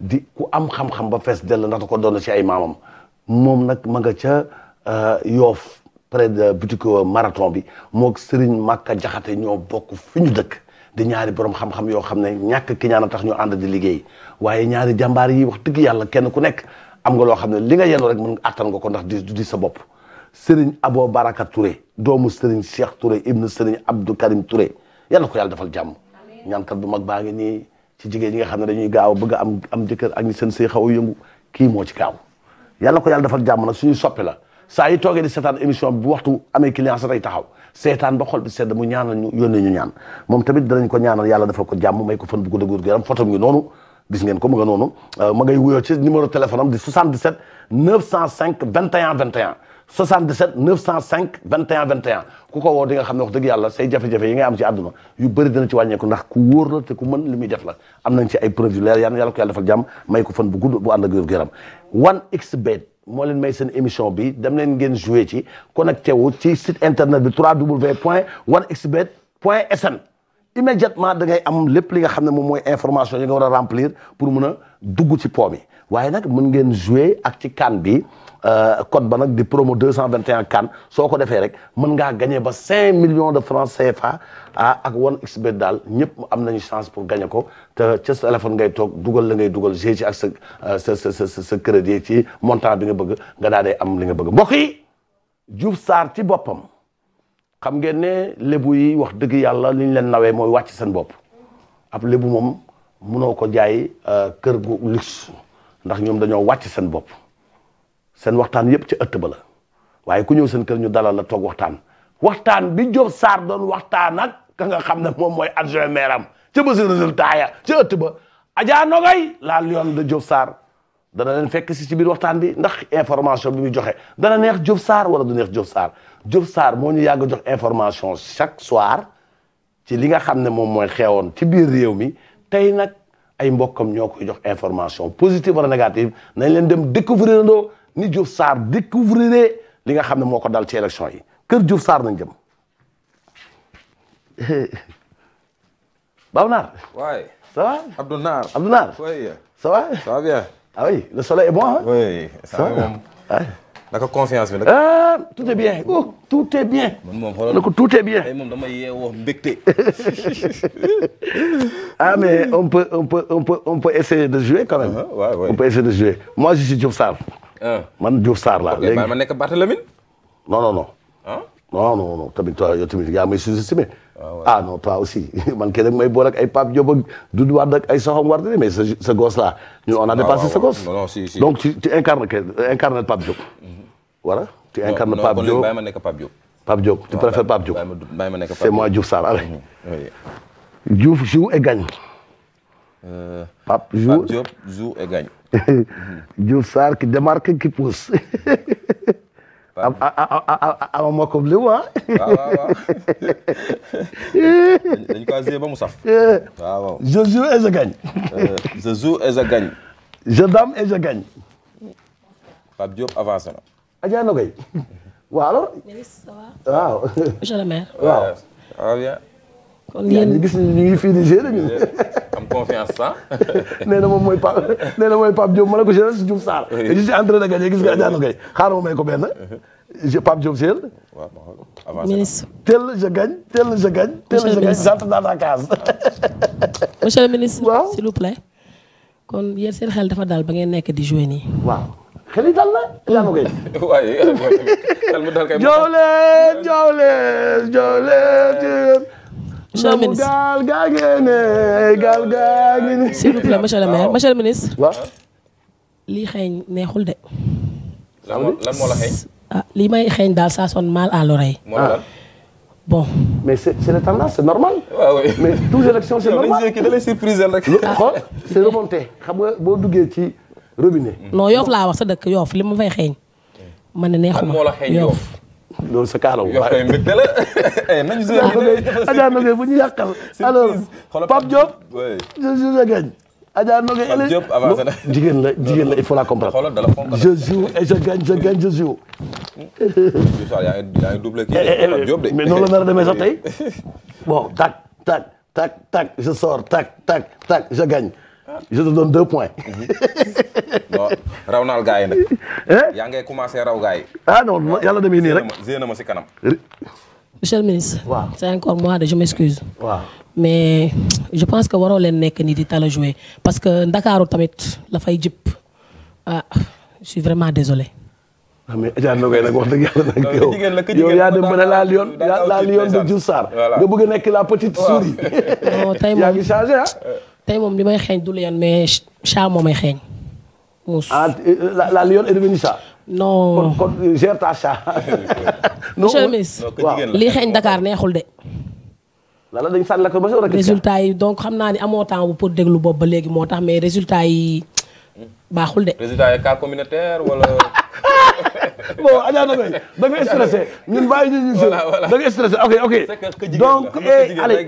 A: di ku am xam-xam ba fees dell ndax da ko doon ci ay maamam moom nag ma nga ca euh, Yoof près de boutique euh, marathon bi moog Serigne Makka Jaxate ñoo bokk fi ñu dëkk di ñaari borom xam-xam yoo xam ne ñàkk ki ñaan a tax ñu ànd di liggéey waaye ñaari jàmbaar yi wax dëgg yàlla kenn ku nekk am nga loo xam ne li nga yenu rek mën attan nga ko ndax di di sa bopp Serigne Abo Baraka Touré doomu Serigne Cheikh Touré ibnu Serigne Abdou Karim Touré yal na ko yàlla defal jàmm ñaankat bu mag baa ngi nii ci jigéen ñi nga xam ne dañuy gaaw bëgg am am jëkkër ak ñi seen sëy xaw a yëngu kii moo ci gaaw yal ko yàlla defal jàmm nag su soppe la saa yi toogee di seetaan émission bi bu waxtu amee client day taxaw seetaan ba xol bi sedd mu ñaanal ñu yónnee ñu ñaan moom tamit danañ ko ñaanal yàlla defal ko jàmm may ko fan bu gudd a gudd yaram fotom ngi noonu gis ngeen ko ma nga noonu euh, ma ngay wuyoo ci numéro téléphone am di 77 905 21 21 77 905 21 21 ku ko woo di nga xam ne wax say jafe-jafe yi am ci àdduna yu bëri dina ci wàññeeku ndax ku wóor la te ku mën li muy def la am nañ ci ay preuve yu leer ko yàlla defal jàmm may ko fan bu bu ànd ak wér-gu-yaram 1xBet moo leen may seen ngeen joué ci connecté wu ci site internet bi 3w point 1xBet point sn immédiatement da am lépp li nga xam ne moom mooy information yi nga war a remplir pour mun a dugg ci po mi waaye nag mun ngeen jouer ak ci kan bi euh, code ba nag di promo 221 kan soo ko defee rek mën ngaa gagné ba 5 million de francs CFA ak wan xbet daal ñëpp am nañu chance pour gagné ko te ca sa ngay toog dugal la ngay dugal g ci ak euh, sa sa sa sa crédit ci montant bi nga bëgg nga daal di am li nga bëgg mbokk yi Diouf Sarr ci boppam. xam ngeen ne lébu yi wax dëgg yàlla li leen nawee mooy wàcc seen bopp ab lébu moom munoo ko jaay euh, kër gu luxe ndax ñoom dañoo wàcc seen bopp seen waxtaan yépp ci ëtt ba la waaye ku ñëw seen kër ñu dalal la toog waxtaan waxtaan bi Diop saar doon waxtaan ak ka nga xam ne moom mooy adjoint maire am ca ba si résultat ya ca ëtt ba Adja Nogay la lionne de Diop Sarr dana leen fekk si ci biir waxtaan bi ndax information bi muy joxe dana neex jof saar wala du neex Diop saar Diop saar moo ñu yàgg jox information chaque soir ci li nga xam ne moom mooy xewoon ci biir réew mi tey nag ay mbokkam ñoo koy jox information positive wala négative nañ leen dem découvrir ndoo ni Diop Sarr découvrir li nga xam ne moo ko dal ci élection yi kër Diop saar nañ jëm
B: Babu Naar. waay ça va Abdou Naar Abdou Naar. ah le soleil est bon hein? oui ça moom naka bi nag.
A: ah tout est bien oh, tout est bien. moom moom tout est bien. Eh, moom dama yeewoo oh, mbégte. ah mais on peut on peut on peut on peut essayer de jouer quand même. Uh -huh, ouais, ouais. on peut essayer de jouer moi je ah. man Diouf Sarr laa nekk Barthélémy. non non non. non non non tamit yow tamit may sous-estimé ah, ah non toi aussi man kii may boole ay Pape Diop ak Doudou Wade ay Soham Wardini mais ce ce gosse là on a ah, dépassé ce gosse donc tu tu incarnes que tu incarnes Pape Diop mm-hmm. ma nekk Pape Diop Pape Diop tu préfères Pape Diop bàyyi ma nekk Pape Diop c'est moi Diouf Sarr allez mm-hmm. Diouf joue et gagne euh, Pape Diop joue et gagne mm-hmm. Diouf Sarr qui démarque qui pousse ama moo ko léwu ah. waaw waaw dañu ko asé ba mu saf. Eh, waaw waaw je joue et je gagne. Eh, je joue et je gagne. je dame et je gagne. Pape Diop avancé na. Adja Nogaye. waaw alors. waaw. monsieur le maire. waaw. kon yéen gis ñu ngi fii nii ñun.
B: am confiance ça.
A: nee na moom mooy Pape nee na mooy Pape Diop ma ne ko Général Diouf Sarr. je suis en train de gagner gis a Adja Ndao kay xaaral ma may ko benn. je Pape Diop Sène. waaw nekk di jouer nii. waaw xel yi dal mm. leen joow leen joow leen monsieur le ministre gaal gaa ngeen
C: lii xeeñ neexul de. Ah, lii may xeeñ daal ça sonne mal à
A: l'oreille. Ah. bon. mais c'est c'est la tendance c'est normal. Ah mais toutes élections c'est normal. rek. xool c'est remonté xam nga boo duggee ci robinet.
C: non yoof laa wax dëkk yoof li ma fay xeeñ. man ne neexuma yoof
A: loolu sa kaalaw. yow kay mbégte la. Eh, Adja Nogaye bu ñu yàqal. alors Pape Diop. je joue je gagne. Adja Nogaye Pape Diop avancé na jigéen la jigéen la il faut la comprendre. je joue et je gagne je gagne je joue. yaa ngi
B: double kii eh, eh, Pape Diop de. mais noonu la nar a demee sax tey
A: bon tac tac tac tac je sors tac tac tac je gagne. je te donne deux points. non raw naal gars eh?
B: yaa ngay commencé raw gars yi. ah non yàlla demee nii rek si kanam.
C: monsieur le ministre. de je m'excuse. waaw mais je pense que waroo leen nekk nii di tala jouer parce que Ndakaaru tamit la fay jib ah je suis vraiment désolé.
A: yaa dem ba la lion de Diouf Sarr nga nekk la petite souris.
C: yaa ngi changé ah. Euh, tey moom li may xeeñ du lion mais chat moo may xeeñ. muus ah
A: la la lion est devenue lii xeeñ Dakar neexul de. lala dañ la ko ba si résultat
C: yi donc xam naa ni amoo temps bu pour déglu boobu ba léegi moo tax mais résultat yi hmm. baaxul de.
B: résultat bon Adja Nabé da nga stressé ñun bàyyi
A: ñu ñu jël da nga stressé ok ok donc eh allez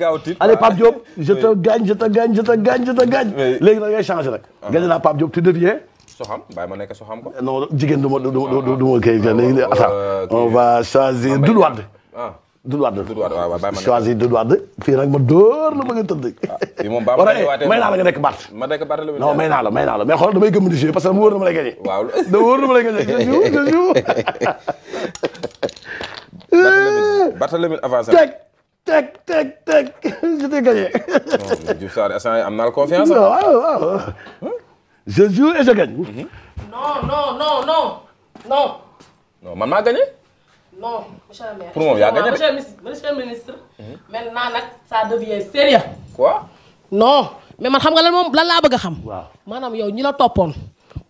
A: allez Pape Diop je te gagne je te gagne je te gagne je te gagne léegi da ngay changé nag ah. gagne naa Pape Diop tu deviens soxam bàyyi nekk soxam ko non jigéen du ma du ma du ma kay ah, on va changer ah, Doudou Wade Doudou Wade choisi Doudou Wade fii ah, la ma nga tëdd may naa la nga
B: Bart non may naa may naa la
A: mais di jouer parce que dama wóor na ma lay gagné da na ma lay gagné je joue
B: Barthélemy avancé
A: teg teg je t'ai gagné
B: Diouf Sarr instant am naa la confiance waaw waaw je joue et je gagne mm-hmm.
C: non non non non non man maa gagné non monsieur le maire. pour moom yaa gagné monsieur monsieur ministre. Mhm. maintenant quoi. non mais man xam nga lan moom lan laa bëgg a xam. waaw maanaam yow ñi la toppoon.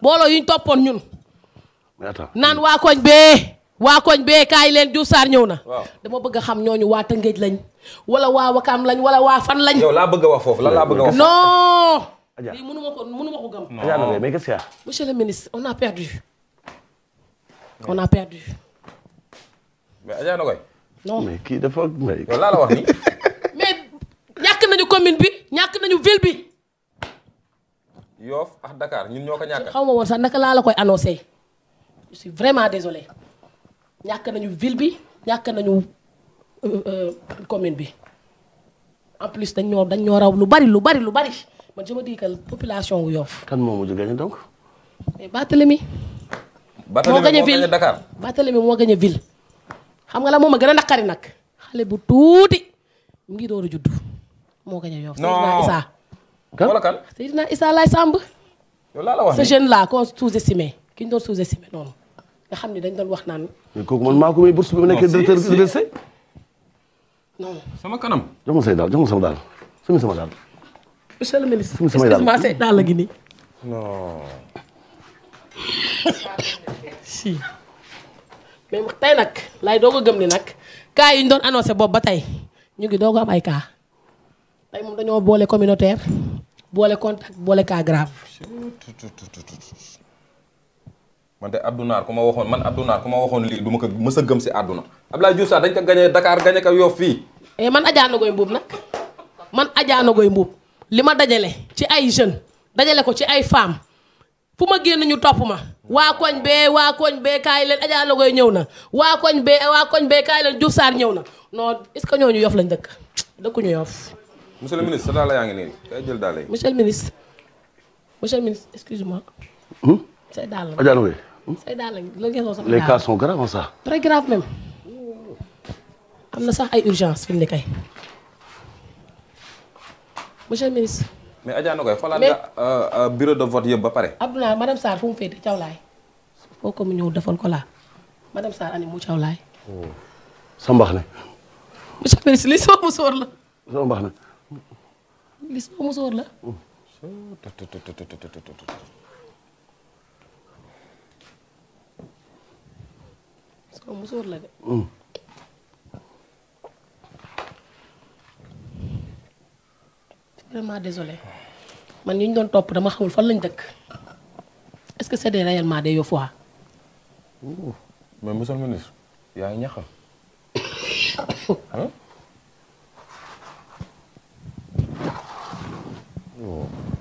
C: booloo yu ñu toppoon ñun. naan waa koñ bee. waa koñ bee kaay leen Diouf Sarr ñëw na. dama bëgg a xam ñooñu waa Tëngéej lañ. wala waa Wakaam lañ wala waa fan lañ. yow laa
A: bëgg a wax foofu lan laa bëgg a wax.
C: non. Adja lii mënu ma ko mënu ma ko gëm. Adja mais qu'est-ce qu'il y a. monsieur le ministre on a perdu. on
B: mais Adja Nogaye. non mais kii dafa may. loolu laa la wax nii. mais
C: ñàkk nañu commune bi ñàkk nañu ville bi.
B: Yoff ak Dakar ñun ñoo ko ñàkk. xaw ma woon
C: sax naka laa la koy annoncé je suis vraiment désolé ñàkk nañu ville bi ñàkk nañu euh, euh, commune bi en plus dañ ñoo dañ ñoo raw lu bari lu bari lu bari man je me dis que
A: population wu Yoff. kan moo mujj gagné donc.
C: mais Barthélemy.
A: moo gagné ville Barthélemy moo gagné Dakar.
C: Barthélemy moo gagné ville. xam nga la moom a gën a naqari nag xale bu tuuti mu ngi door a juddu moo gañ a yoof Seydina Issa wala Issa Laye Samb ce jeune là qu'on sous-estimé ki ñu doon sous-estimé xam ne dañ doon wax naan
A: kooku man maa kanam jox ma daal jox
C: ma la gi mais tey nag lay doo ko gëm ni nag kaa yi ñu doon annoncé boobu ba tey ñu ngi doog ko am ay cas tey moom dañoo boole communautaire boole contact boole cas grave.
B: man de Abdou ku ma waxoon man Abdou Naar ku ma waxoon lii du ma ko mës a gëm si àdduna Abdoulaye Diouf Sarr dañ ko gañee dakaar gañe ko Yoff fii.
C: Eh, man Adja Nogoy Mbuub nag man Adja Nogoy Mbuub li ma dajale ci ay jeunes dajale ko ci ay femmes. fu ma génn ñu topp ma waa koñ bee waa koñ bee kaay leen Adja Nogoy ñëw na waa koñ bee waa koñ bee kaay leen Diouf Sarr ñëw na non est-ce que ñooñu yof lañ dëkk dëkkuñu yof.
B: monsieur le ministre sa daal yaa ngi nii kay jël daal monsieur le
C: ministre monsieur le ministre excuse-moi. Hmm? say daal la Adja Nogoy. Hmm? say daal la la les cas
A: sont graves ça.
C: très grave même am na sax ay urgence fi mu ne kay monsieur le ministre.
B: mais Adja Nogaye xoolaat nga euh, euh, bureau de vote yëpp ba pare.
C: Abdoulaye madame Sarr fu mu féete Thiawlaay foo ko mu ñëw defal ko laa madame Sarr mu Thiawlaay.
A: Oh, sa mbax ne.
C: monsieur li soo musóor la. sa mbax li soo musóor la. Oh. soo musóor la de. Mm. vraiment désolé man ñu doon topp dama xamul fan lañ dëkk est-ce que c'est des réellement des Yofuwa.
B: ouh mais monsieur le ministre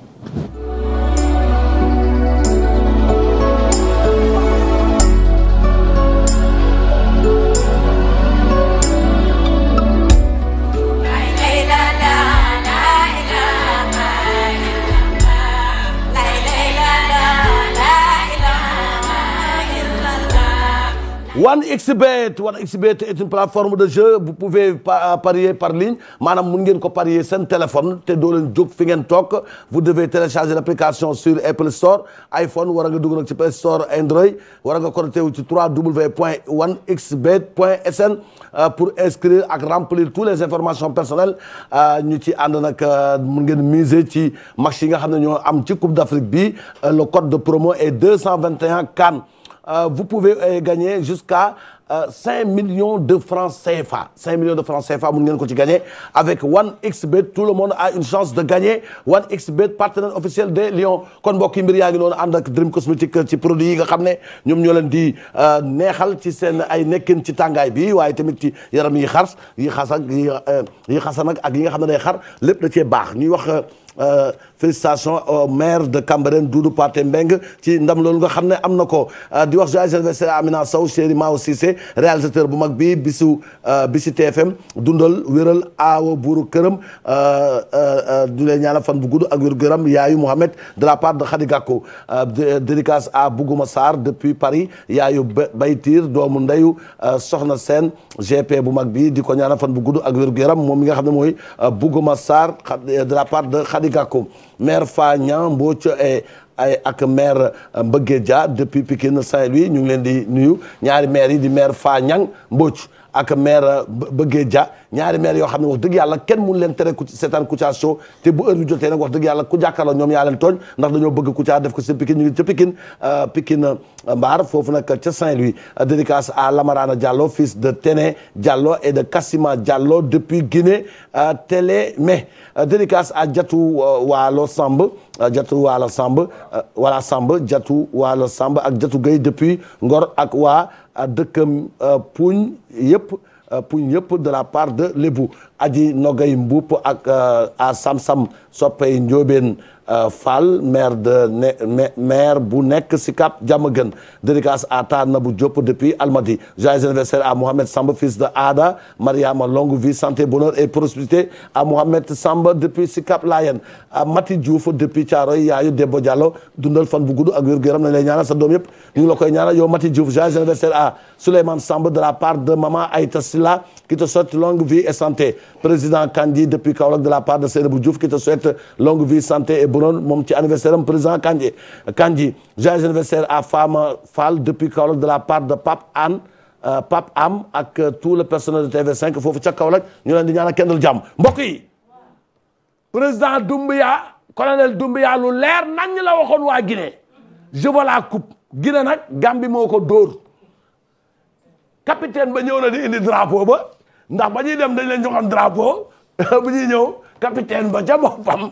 A: 1xBet 1xBet est une plateforme de jeu vous pouvez euh, parier par ligne maanaam mun ngeen ko parier seen téléphone te doo leen jóg fi ngeen toog vous devez télécharger l'application sur Apple Store iPhone war nga dugg nag ci Play Store Android war nga connecté wu ci 3w.1xBet.sn euh, pour inscrire ak remplir toutes les informations personnelles euh, ñu ci ànd nag mun ngeen miser ci match yi nga xam ne ñoo am ci coup d'Afrique bi le code de promo est 221 CAN Euh, vous pouvez euh, gagner jusqu'à euh, cinq millions de francs CFA cinq millions de francs CFA mun ngeen ko ci gagner avec One XBet tout le monde a une chance de gagner One XBet partenaire officiel des Lions kon mbokk yi mbir yaa ngi noonu ànd ak Dream Cosmétique ci produit yi nga xam ne ñoom ñoo leen di neexal ci seen ay nekkin ci tàngaay bi waaye tamit ci yaram yi xars yi xas ak yi xasa nag ak yi nga xam ne day xar lépp da cee baax ñuy wax. félicitations maire de Cambérène Doudou Pathé Mbengue ci ndam loolu nga xam ne am na ko euh, di wax joyeux anniversaire Amina Sow chéri Mao Cissé réalisateur bu mag bi bisu euh, bisi TFM dundal wéral aawo buuru këram euh, du leen ñaanal fan bu gudd ak wér gëram yaayu Mohamed de la part de Khady Gakou dédicace à Bougouma Sarr depuis Paris yaayu Baytir doomu ndeyu soxna seen GP bu mag bi di ko ñaanal fan bu gudd ak wér gëram moom mi nga xam ne mooy Bougouma Sarr de la part de Khady maire Fa Niang Mbodj ay eh, ay ak maire eh, Mbengue Dia depuis Pikine Saint-Louis ñu ngi leen di nuyu ñaari maire yi di maire Fa Niang Mbodj ak maire Bëggee ja ñaari maire yoo xam ne wax dëgg yàlla kenn mun leen tere ku Kouthia Show te bu heure bi jotee nag wax dëgg yàlla ku jàkkaarloo ñoom yaa leen tooñ ndax dañoo bëgg Kouthia def ko ci Pikine ñu ngi ca Pikine euh, Pikine euh, Mbaar foofu nag ca Saint-Louis euh, dédicace à Lamarana Diallo fils de Téné Diallo et de Kassima Diallo depuis Guinée Télémé dédicace à Diatou Waalo Samb Diatou Waalo Samb wala Samb Diatou Waalo Samb ak Diatou Gueye depuis Ngor ak waa dëkkam Puñ yëpp Puñ yëpp de la part de Lebu aji Nogay Mbuup ak a euh, Sam Sam soppay Njoobeen Euh, Fall maire de maire bu nekk Sicap Diamaguène dédicace à Ta Nabou Diop depuis Almadi joyeux anniversaire a Mohamed Samba fils de Ada Mariama longue vie santé bonheur et prospérité à Mohamed Samba depuis Sicap Layène à Mati depuis Thiaroye yaayu Debbo Diallo dundal fan bu gudd ak wér gu yaram nañ lay ñaanal sa doom yëpp ñu ngi la koy anniversaire à Souleymane Samba de la part de maman Aïta Silla qui te souhaite longue vie et santé président Kandji depuis Kaolack de la part ngi moom ci anniversaire am président Kandji Kandji anniversaire à Fama Fall depuis Kaolack de la part de Pape Anne euh, Pape Am ak euh, tout le personnel de TV5 foofu ca Kaolack ñu leen di ñaanal kendal jàmm mbokk yi président Doumbouya colonel Doumbouya lu leer nañ la waxoon waa Guinée je veux la coupe nag Gambie moo ko capitaine ba ñëw na di indi drapeau ba ndax ba ñuy dem dañ leen joxoon drapeau bu ñuy ñëw capitaine ba ca boppam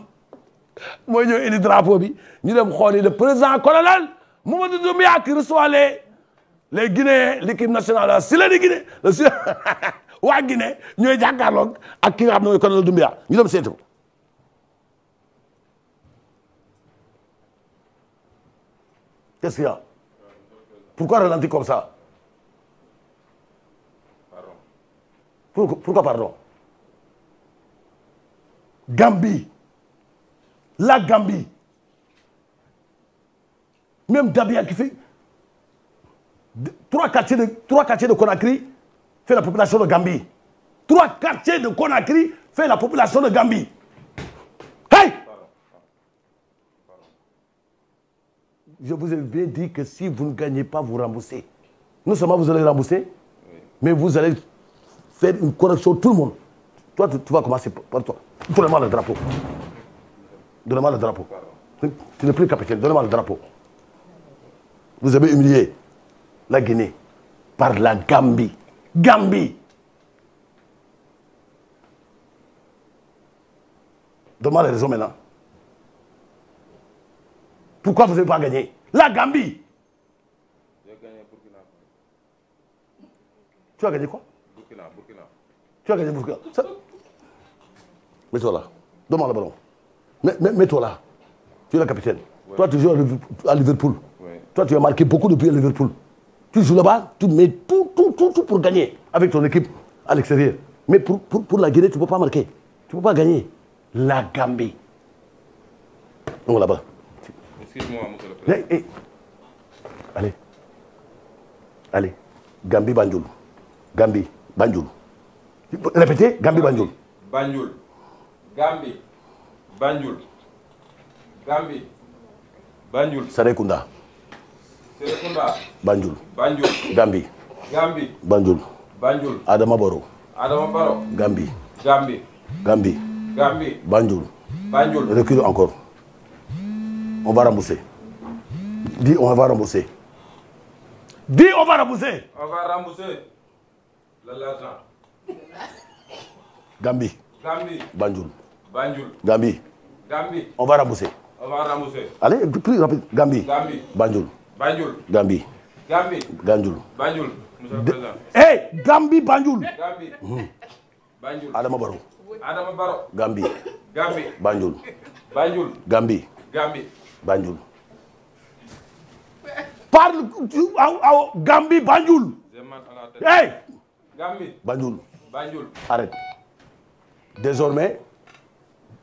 A: mooy ñëw indi drapeau bi ñu dem xooli le président colonel Mamadou Doumbia qui reçoit les les Guinéens l' équipe nationale la Sile di Guinée le Sile waa Guinée ñooy jàkkaarloog ak ki nga xam ne mooy colonel Doumbia ñu dem seeti ko qu'est-ce qu'il y a pourquoi ralenti comme ça pourquoi pardon Gambie la Gambie même Dabia qui fait trois quartiers de trois fait la population de Gambie trois quartiers de Conakry fait la population de Gambie je vous ai bien dit que si vous ne gagnez pas vous remboursez non seulement vous allez rembourser mais vous allez faire une correction tout le monde toi tu, tu vas commencer par toi tourne le drapeau Donnez-moi le drapeau. Tu n'es plus capitaine, donnez-moi le drapeau. Vous avez humilié la Guinée par la Gambie. Gambie Donnez-moi les raisons maintenant. Pourquoi vous n'avez pas gagné La Gambie
B: J'ai gagné Burkina.
A: Tu mais, mais, la toi là, tu es le capitaine. Ouais. Toi, tu joues à Liverpool. Ouais. Toi, tu as marqué beaucoup depuis à Liverpool. Tu joues là tu mets tout, tout, tout, pour gagner avec ton équipe à Mais pour, pour, la Guinée, tu ne peux pas marquer. Tu ne pas gagner. La Gambie. Banjul. Gambie Banjul. Répétez, Gambie Banjul.
B: Banjul Gambie
A: Banjul Serekunda Serekunda Banjul
B: Banjul Gambie
A: Banjul Adama Baro
B: Adama Baro Gambie
A: Banjul Banjul encore on va rembourser dis on va rembourser
B: dis on va rembourser on
A: va Banjul Banjul. Gambie. Gambie. Banjul. Banjul. Gambie. Gambie. Banjul.
B: Banjul. Monsieur le Président. Eh, Gambie Banjul. Hmm. Banjul. Adama Barrow. Adama Barrow.
A: Gambie. Banjul. Banjul. Banjul. Parle tu Banjul. Eh. Banjul. Banjul. Désormais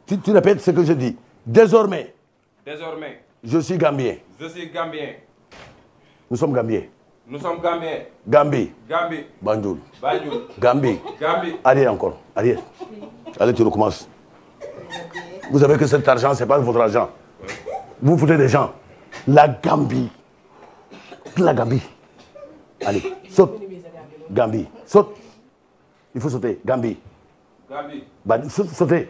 A: tu, tu répètes ce que je dis. Désormais. Désormais. Je suis Gambien.
B: Je suis Gambien. Nous sommes Gambiens. Nous sommes Gambiens. Gambie. Gambie.
A: Banjul. Banjul. Gambie. Gambie. Allez encore. Allez. Allez, tu recommences. Vous savez que cet argent, ce n'est pas votre argent. Vous foutez des gens. La Gambie. La Gambie. Allez, saute. Gambie. Saute. Il faut sauter. Gambie. Gambie. Bah, saute, sauter.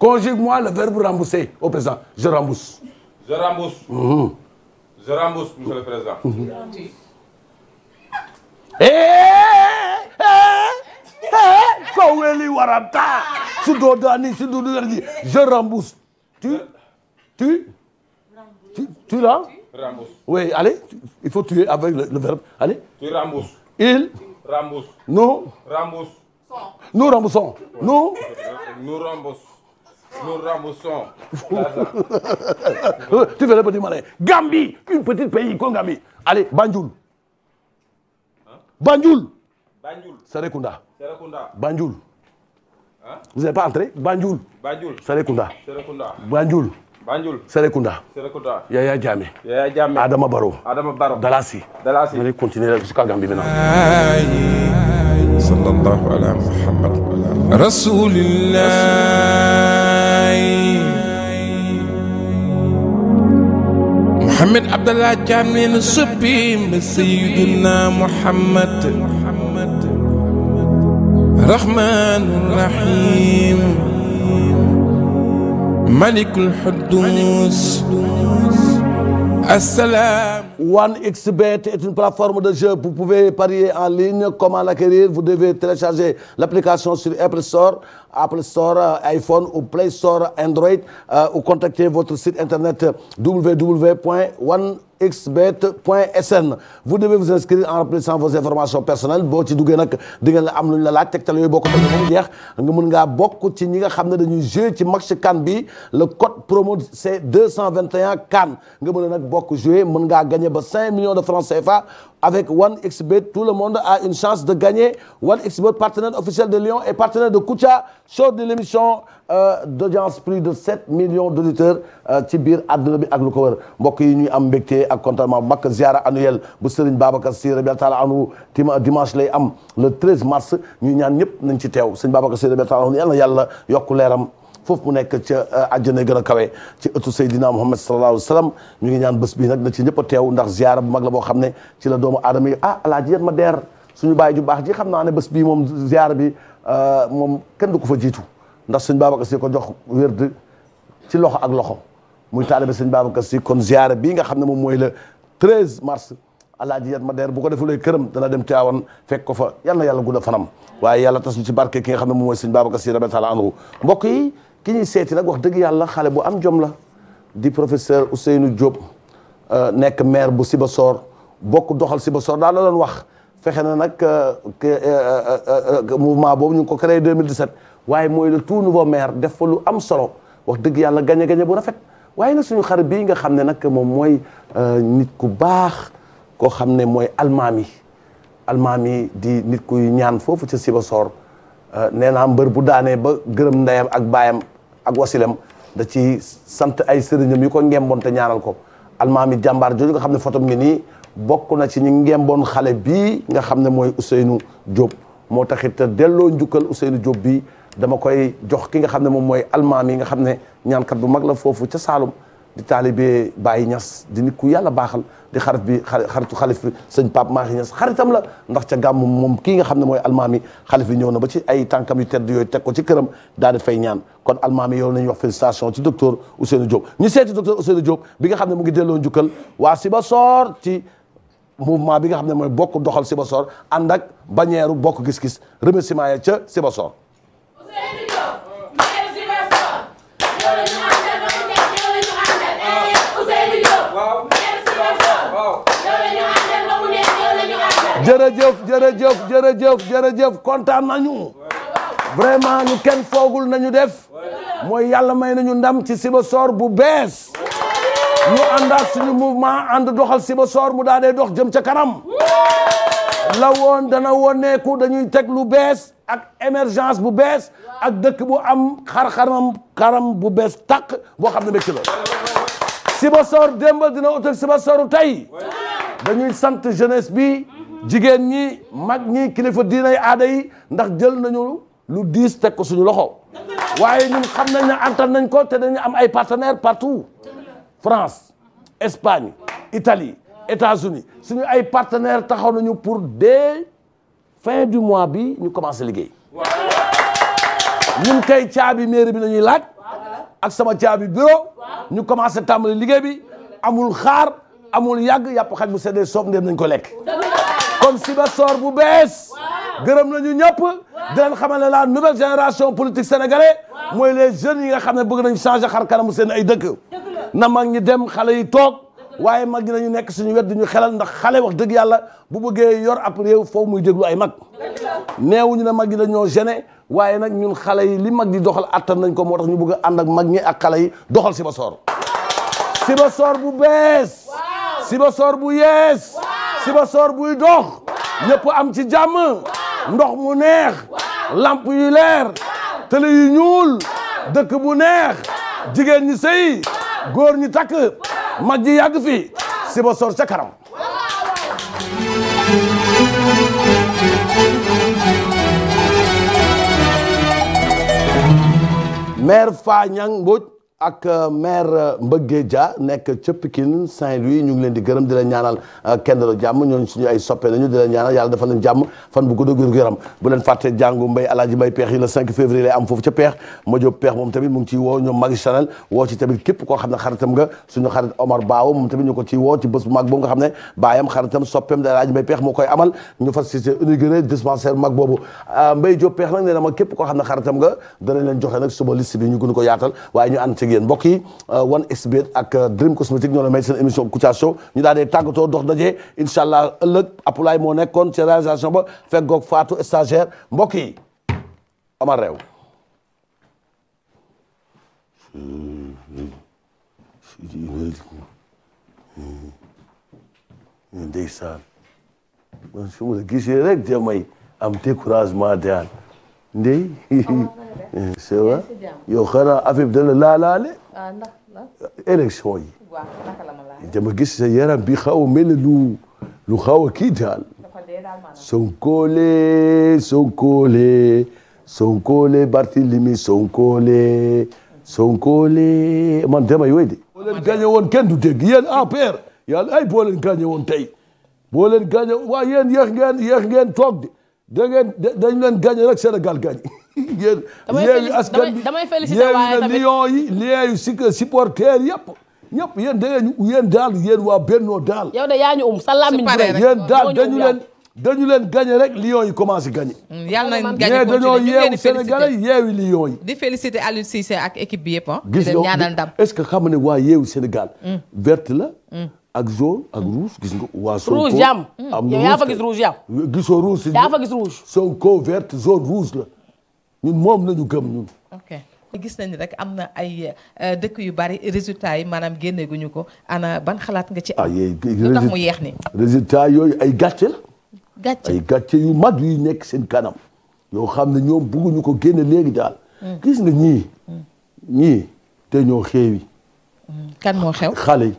A: Conjugue-moi le verbe rembourser au présent. Je rembourse. Je mhm. Je rembourse, monsieur Je rembourse. Tu, là? Rembourse. allez, il faut tuer avec le, verbe. Allez.
B: Nous. Rembourse.
A: Nous remboursons.
B: Nous ramassons.
A: tu fais le petit malin. Gambie, une petite pays comme Gambie. Allez, Banjul. Hein? Banjul. Banjul. Serekunda. Serekunda. Banjul. Hein? Vous n'êtes pas entré Banjul. Banjul. Serekunda. Serekunda. Banjul. Banjul. Serekunda. Serekunda. Yaya Djamé. Yaya Djamé. Adama Baro. Adama Baro. Dalasi. Dalasi. Vous allez continuer jusqu'à Gambie maintenant.
B: Sallallahu ala Muhammad. Rasulillah. Mohamed Abdallah Thiam nee na soppeem ba Seydina Mohamed rahmaanu rahiim
A: malikul xuddus assalaam OneXBet est une plateforme de jeu. Vous pouvez parier en ligne. Comment l'acquérir? Vous devez télécharger l'application sur Apple Store, Apple Store euh, iPhone ou Play Store Android euh, ou contacter votre site internet www.onexbet.sn. Vous devez vous inscrire en remplissant vos informations personnelles boo ci duggee nag di ngeen la am lu ñu la laaj tegtal yooyu boo ko defee ba mu jeex nga mën ci ñi nga xam ne dañuy jouer ci match CAN bi le code promo c'est 221 nga mën a nag bokk ba 5 millions de francs CFA avec OneXBet tout le monde a une chance de gagner OneXBet partenaire officiel de Lyon et partenaire de Kouthia show de l'émission euh, d'audience plus de 7 millions d'auditeurs euh, ci biir àdduna bi ak lu ko wër mbokk yi ñuy am mbégte ak contentement bu mag ziara annuelle bu Serigne Babacar Sy rabial taala anhu dimanche lay am le 13 mars ñuy ñaan ñëpp nañ ci teew Serigne Babacar Sy rabial taala anhu yal na yokku leeram foofu mu nekk ca eh, àjjana gën a kawe ci ëttu Seydina Muhammad sallallahu alayhi wa sallam ñu ngi ñaan bés bi nag na ci ñëpp a teew ndax ziara bu mag la boo xam ne ci la doomu aadama yi ah alaaji yan ma deer suñu bàyyi ju baax ji xam naa ne bés bii moom ziara bi eh, moom kenn du ko fa jiitu ndax suñ Babacar Si ko jox wérd ci loxo ak loxo muy taalibe sëñ Babacar Si kon ziara bii nga xam ne moom mooy le 13 mars alaaji yat ma deer bu ko defulee këram dana dem awan fekk ko fa yal na yàlla fanam waaye yàlla tas ñu ci barke ki nga xam ne moom mooy sëñ Babacar Si rabbi taala anhu mbokk yi ki ñuy seeti nag wax dëgg yàlla xale bu am jom la di professeur Ousseynou Diop euh, nekk maire bu Sibassor bokk doxal Sibassor daal la doon wax fexe na nag euh, euh, mouvement boobu ñu ngi ko créé 2017 waaye mooy le tout nouveau maire def fa lu am solo wax dëgg yàlla gañe bu rafet waaye nag suñu xarit bii nga xam ne nag moom mooy nit ku baax koo xam ne mooy almaami almaami di nit kuy ñaan foofu ca Sibassor Euh, nee naa mbër bu daanee ba gërëm ndeyam ak baayam ak wasilam da ci sant ay sëriñam yi ko ngemboon te ñaanal ko almaami jàmbaar jooju nga xam ne fotom ngi nii bokk na ci ñi ngemboon xale bi nga xam ne mooy Ousseynou Diop moo taxit delloo njukkal Ousseynou jóob bi dama koy jox ki nga xam ne moom mooy almaami nga xam ne ñaankat bu mag la foofu ca Saalum di taalibe Baye Niass di nit ku yàlla baaxal di xarit bi xaritu xalif bi sëñ Pape Mahi Niass xaritam la ndax ca gàmm moom kii nga xam ne mooy almaami xalif yi ñëw na ba ci ay tànkam yu tedd yooyu teg ko ci këram daal di fay ñaan kon almaami yow nañu wax félicitation ci docteur Ousseynou Diop ñu seeti docteur Ousseynou Diop bi nga xam ne mu ngi delloo njukkal waa Sibassor ci mouvement bi nga xam ne mooy bokk doxal Sibassor ànd ak bannière bokk gis-gis remerciement ya ca Sibassor jërëjëf jërëjëf jërëjëf jërëjëf kontaan nañu vraiment ñu kenn foogul nañu def mooy yàlla may nañu ndam ci Sibassor bu bees ñu àndaat suñu mouvement ànd doxal Sibassor mu daa dee dox jëm ca kanam la woon dana woneeku dañuy teg lu bees ak émergence bu bees ak dëkk bu am xar-xaram karam bu bees tàq boo xam ne mbégte la Sibassor dina utal Sibassoru tey dañuy sant jeunesse bi jigéen ñi mag ñi kilifa diinay aada yi ndax jël nañu lu diis teg ko suñu loxo waaye ñun xam nañ ne antan nañ ko te dañu am ay partenaires partout France Espagne Italie États-Unis suñu ay partenaires taxaw nañu pour dès fin du mois bi ñu commencé liggéey ñun kay caabi mairie bi nañuy laaj ak sama caabi bureau ñu commencé tàmbali liggéey bi amul xaar amul yàgg yàpp xaj bu seddee soob ndéem nañ ko lekk comme Sibassor bu bees gërëm nañu ñëpp di leen xamal ne la nouvelle génération politique sénégalais mooy les jeune yi nga xam ne bëgg nañ changer xar kanamu seen ay dëkk na mag ñi dem xale yi toog waaye mag ñi nañu nekk suñu wet di ñu xelal ndax xale wax dëgg yàlla bu bëggee yor ab réew foofu muy déglu ay mag ñu ne mag ñi ñoo gene waaye nag ñun xale yi li mag di doxal attan nañ ko moo tax ñu bëgg a ànd ak mag ñi ak xale yi doxal Sibassor Sibassor bu bees Sibassor Sibassor buy dox ñëpp am ci jàmm ndox mu neex lamp yu leer télé yu ñuul dëkk bu neex jigéen ñi sëy góor ñi takk mag yi yàgg fi Sibassor ca kanam maire Fa Ñang Mbodj ak euh, maire euh, Mbëgge Dia nekk cëpp Pikine Saint-Louis ñu ngi leen di gërëm di la ñaanal euh, kenn jàmm ñooñu suñu ay soppe nañu di la ñaanal yàlla dafa leen jàmm fan bu gudd gu yaram bu leen fàtte jàngu mbay alaaji mbay peex yi la 5 février lay am foofu ca peex ma jóg peex moom tamit mu ngi woo ñoom magi chanel woo ci tamit képp koo xam ne xaritam nga suñu xarit Omar Baaw moom tamit ñu ko ciy woo ci bés bu mag boobu nga xam ne baayam xaritam soppeem di alaaji mbay peex moo koy amal ñu fas ci inauguré dispensaire bu mag boobu mbay jóg peex nag nee na ma képp koo xam ne xaritam nga danañ leen joxe nag suba liste bi ñu gën ko yaatal waaye ak yéen mbokk yi euh, One SBT ak euh, Dream Cosmétique ñoo la may seen émission Kouthia Show ñu daal di tàggatoo dox daje incha allah ëllëg Apulaay moo nekkoon ci réalisation ba fekk goog Fatou stagiaire mbokk yi ama réew ndeysaan man su ma la gisee rek damay am découragement daan ndey ah, ça va yow xanaa affaire bi dana ah, yi.
D: waaw
A: gis sa bi xaw a lu xaw a kii daal. Sonkoole Sonkoole Sonkoole Barthélemy Sonkoole Sonkoole man damay wey de. woon kenn du dégg yéen APR yàlla ay boo leen gagné woon tey da ngeen dañ leen gagné rek Sénégal gagné. yéen yeeyu askan bi damay félicité waaye tamit lion yi yeeyu si supporters yëpp. ñëpp yéen da ngeen yéen daal yéen waa Benno daal. yow de yaa ñu um sa làmmiñ yéen daal dañu um leen dañu leen gagné rek lion yi commencé gagné. Mm, yàlla dañoo yeewu Sénégalais yi.
D: di félicité Aliou Cissé ak équipe bi yëpp
A: ah. gis ñaanal ndam est ce que xam ne waa yeewu Sénégal. Mm. verte la. Mm. ak jaune ak rouge gis nga. waa Sonko rouge jàmm am hmm. yaa fa gis rouge yow. gisoo rouge si. yaa fa gis rouge. Sonko verte jaune rouge la ñun moom nañu gëm ñun.
D: ok gis nañu rek am na ay euh, dëkk yu bari résultats yi maanaam génne guñu ko ana ban xalaat nga ci. ah
A: yooyu lu yeex ni résultats yooyu ay gàcce la. gàcce yu mag yuy nekk seen kanam. yoo xam ne ñoom bëgguñu ko génne léegi daal. Hmm. gis nga ñii. Hmm. ñii te ñoo xeewi. kan moo xew yi.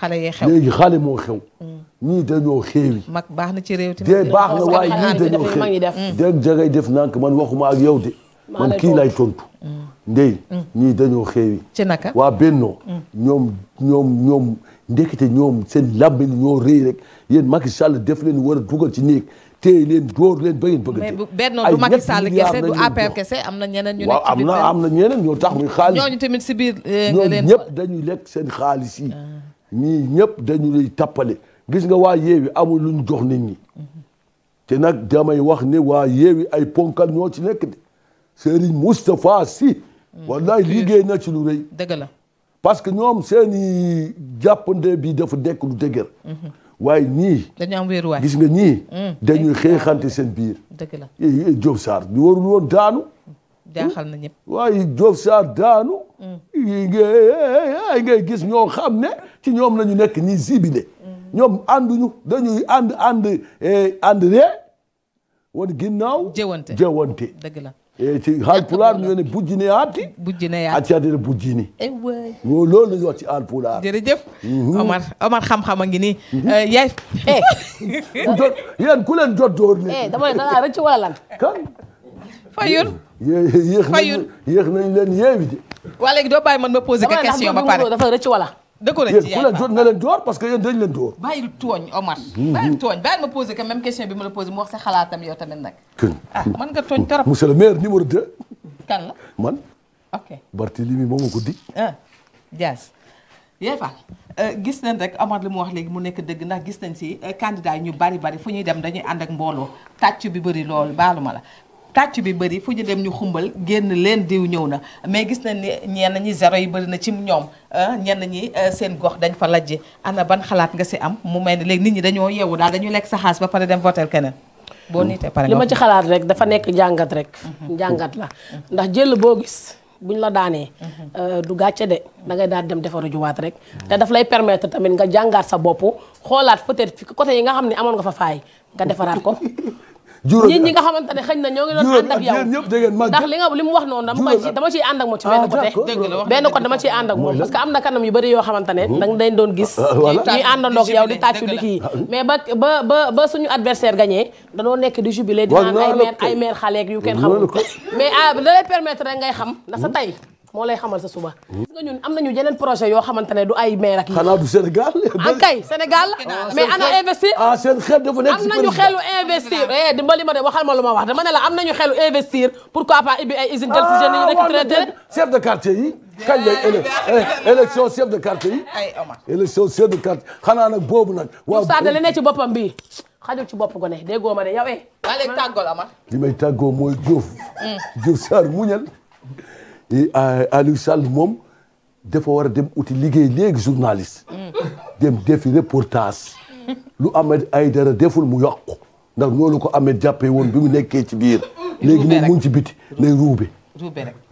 D: xale yee xew léegi xale
A: moo xew. Mm. ñii dañoo xeewi. mag baax na ci réew baax na waaye ñii dañoo xeewi dégg jagay def nank man waxuma ak yow de. man kii lay tontu. Mm. ndey mm. ñii dañoo xeewi. ci naka waa Bennoo. ñoom ñoom ñoom ndekete ñoom seen làmmiñ ñoo rëy rek yéen Macky Sall def leen war a ci néeg téye leen dóor leen ba ngeen bëgg mais
D: Bennoo du Macky Sall kese du APR kese am na ñeneen ñu nekk am
A: na ñoo tax muy xaalis ñooñu tamit biir.
D: Eh, nga leen ñëpp
A: dañuy lekk xaalis yi. Ah. ñii ñëpp dañu lay tappale gis nga waa yeewi amul luñ jox nit ñi te nag damay wax ne waa yeewi ay ponkal ñoo ci nekk de Serigne Moustapha Sy mm. wallaay liggéey na ci lu rëy dëgg parce que ñoom seeni i jàppande bi dafa nekk lu dëgër mm-hmm. waaye ñii
D: dañu gis nga ñi mm. dañuy xeexante seen biir dëgg la
A: eh, eh, Diop Sarr ñu warul daanu mm. jaaxal na ñëpp. waaye Diouf Sarr daanu. yi gis ñoo xam ne ci ñoom la ñu nekk ñi zibilé. ñoom ànduñu dañuy ànd ànd eh, ànd ree wan ginnaaw. jëwante jëwante. dëgg la eh, ci Haalpulaar ñu ne bujjine aati. bujjine yaati ati ati bujjine. Eh loolu la ñuy wax ci Haalpulaar. jërëjëf. Mhm. Omar Omar xam-xam a ngi nii. Mhm. yaay. jot ku leen jot door nii. damay danaa rëcc wala lan. fayul fayul yéex nañ leen yeewi ji. waa léegi doo bàyyi man ma poser que question ba pare
C: dafa
D: rëcc wala.
A: dëgg la ci yaay ku ne que yéen dañ leen door.
D: bàyyi tooñ Omar. Mm-hmm. bàyyi tooñ bàyyi ma poser que même question bi ma la poser mu wax sa xalaatam yow tamit nag. Ah, man nga tooñ trop. monsieur le maire numéro 2. kan la man. ok
A: Barthélémy moom moo ko
D: ah, di. Euh, gis nañ rek Omar li mu wax léegi mu nekk dëgg ndax gis nañ si euh, candidat yi ñu bari bari fu ñuy dem dañuy ànd ak mbooloo tàcc bi bëri lool baalu ma tàcc bi bëri fu ñu dem ñu xumbal génn leen diw ñëw na mais gis nañ ñeen ñenn ñi zéro yi bëri na ci ñoom ah, ñenn ñi ah, seen gox dañ fa lajje a ban xalaat nga si am mu mel ni nit ñi dañoo yeewu daal dañu lekk sa xaas ba pare dem voter keneen boo mm. nitee pare li ma ci xalaat rek dafa
C: nekk jàngat rek mm-hmm. jàngat la mm-hmm. ndax jël boo gis buñ la daanee mm-hmm. euh, du gàcce de da ngay daal dem defaru juwaat rek te daf lay permettre tamit nga jàngaat sa bopp xoolaat peut-être côté yi nga xam ne amoon nga fa faay nga defaraat ko juróom ñi nga xamante ne xëy na ñoo ngi doon ànd ak yow ndax li nga li mu wax noonu dama ci dama ciy ànd ak moom ci benn ah, côté benn côté dama ciy ànd ak parce que am na kanam yu bëri yoo xamante ne hmm? danga dañ doon gis ah, ñuy àndandoo ak yow di tàccu di kii ah, mais ba ba ba ba suñu adversaire gagné danoo nekk di jubilé di naan ay maire ay maire xaleeg yu kenn xamul mais ah da lay permettre rek ngay xam na sa hmm? tey moo lay xamal sa suba. gis nga ñun am nañu yeneen projet yoo xamante ne du ay maire ak yi.
A: xanaa du Sénégal. ak ah, kay
C: ah, Sénégal mais ana
A: investir. ah seen xel dafa nekk am nañu xelu
C: investir. eh dimbali ma de waxal ma lu ma wax dama ne la am nañu xelu investir pourquoi pas ibi ay usine jël si jeunes yi nekk ah, traité.
A: chef de quartier yi. kañ lay eh, élection chef de quartier yi. ay Omar élection chef de quartier xanaa nag boobu nag. waaw Moussa de li
C: ne ci boppam bii xajul ci bopp gone déggoo ma de yow eh. maa ngi lay tàggoo Omar.
A: li may tàggoo mooy Diouf. Hmm. Diouf Sarr muñal Euh, Aliou Sall moom dafa war a dem uti liggéey léegi journaliste. dem defi reportage. Mm. lu Ahmed Aïdara deful mu yàqu. ndax loolu ko Ahmed jàppee woon bi mu nekkee ci biir. léegi moom mu ngi ci biti lay ruube.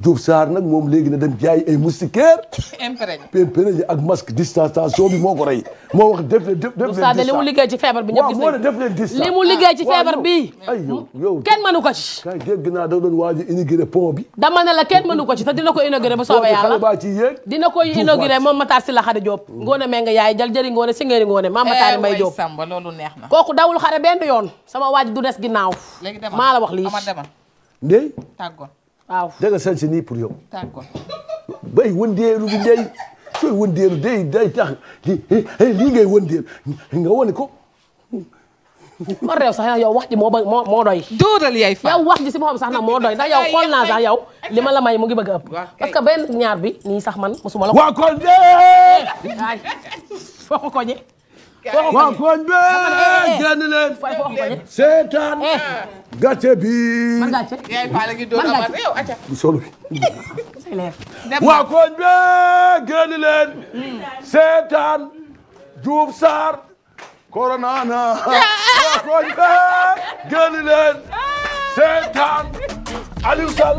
A: Diouf Sarr nag moom léegi na dem jaay ay moustiquaire. imprégné ji ak masque distanciation bi moo ko rey moo wax def leen def leen distance Diouf Sarr li mu liggéey ci feebar bi ñëpp gis nañu def leen distance li mu liggéey ci feebar bi ay yow yow kenn mënu ko ci kay dégg naa da doon waaj a inauguré pont bi dama
C: ne la kenn mënu ko ci te dina ko
A: inauguré ba soobee yàlla baa ci
C: yéeg dina ko inauguré moom Matar Sylla Khady Diop mm. ngoone me nga yaay jal jëri ngoone si ngéeri ngoone maam Matar eh, Mbay Diop loolu neex na kooku dawul xare benn yoon sama waaj du des ginnaaw maa la wax lii
A: ndey tàggoon daga san shi ni furiyo bai wanderu dai sai wanderu dai dai ta ni ngay wanderu nga woni ko
C: man réew sax yow wax ji moo moo doy. dóoral yaay fa yow wax ji si boppam sax na moo doy ndax yow xool naa sax yow li ma la may mu ngi bëgg a ëpp. parce que benn ñaar bi nii sax
A: man mosuma la ko.
C: waa ko koñe. waa
A: kon bee génn leen seetaan eh. gàcce bi waa kon bee génn leen hmm. seetaan Diouf Sarr corona waa kon bee génn leen ah. seetaan Aliou Sall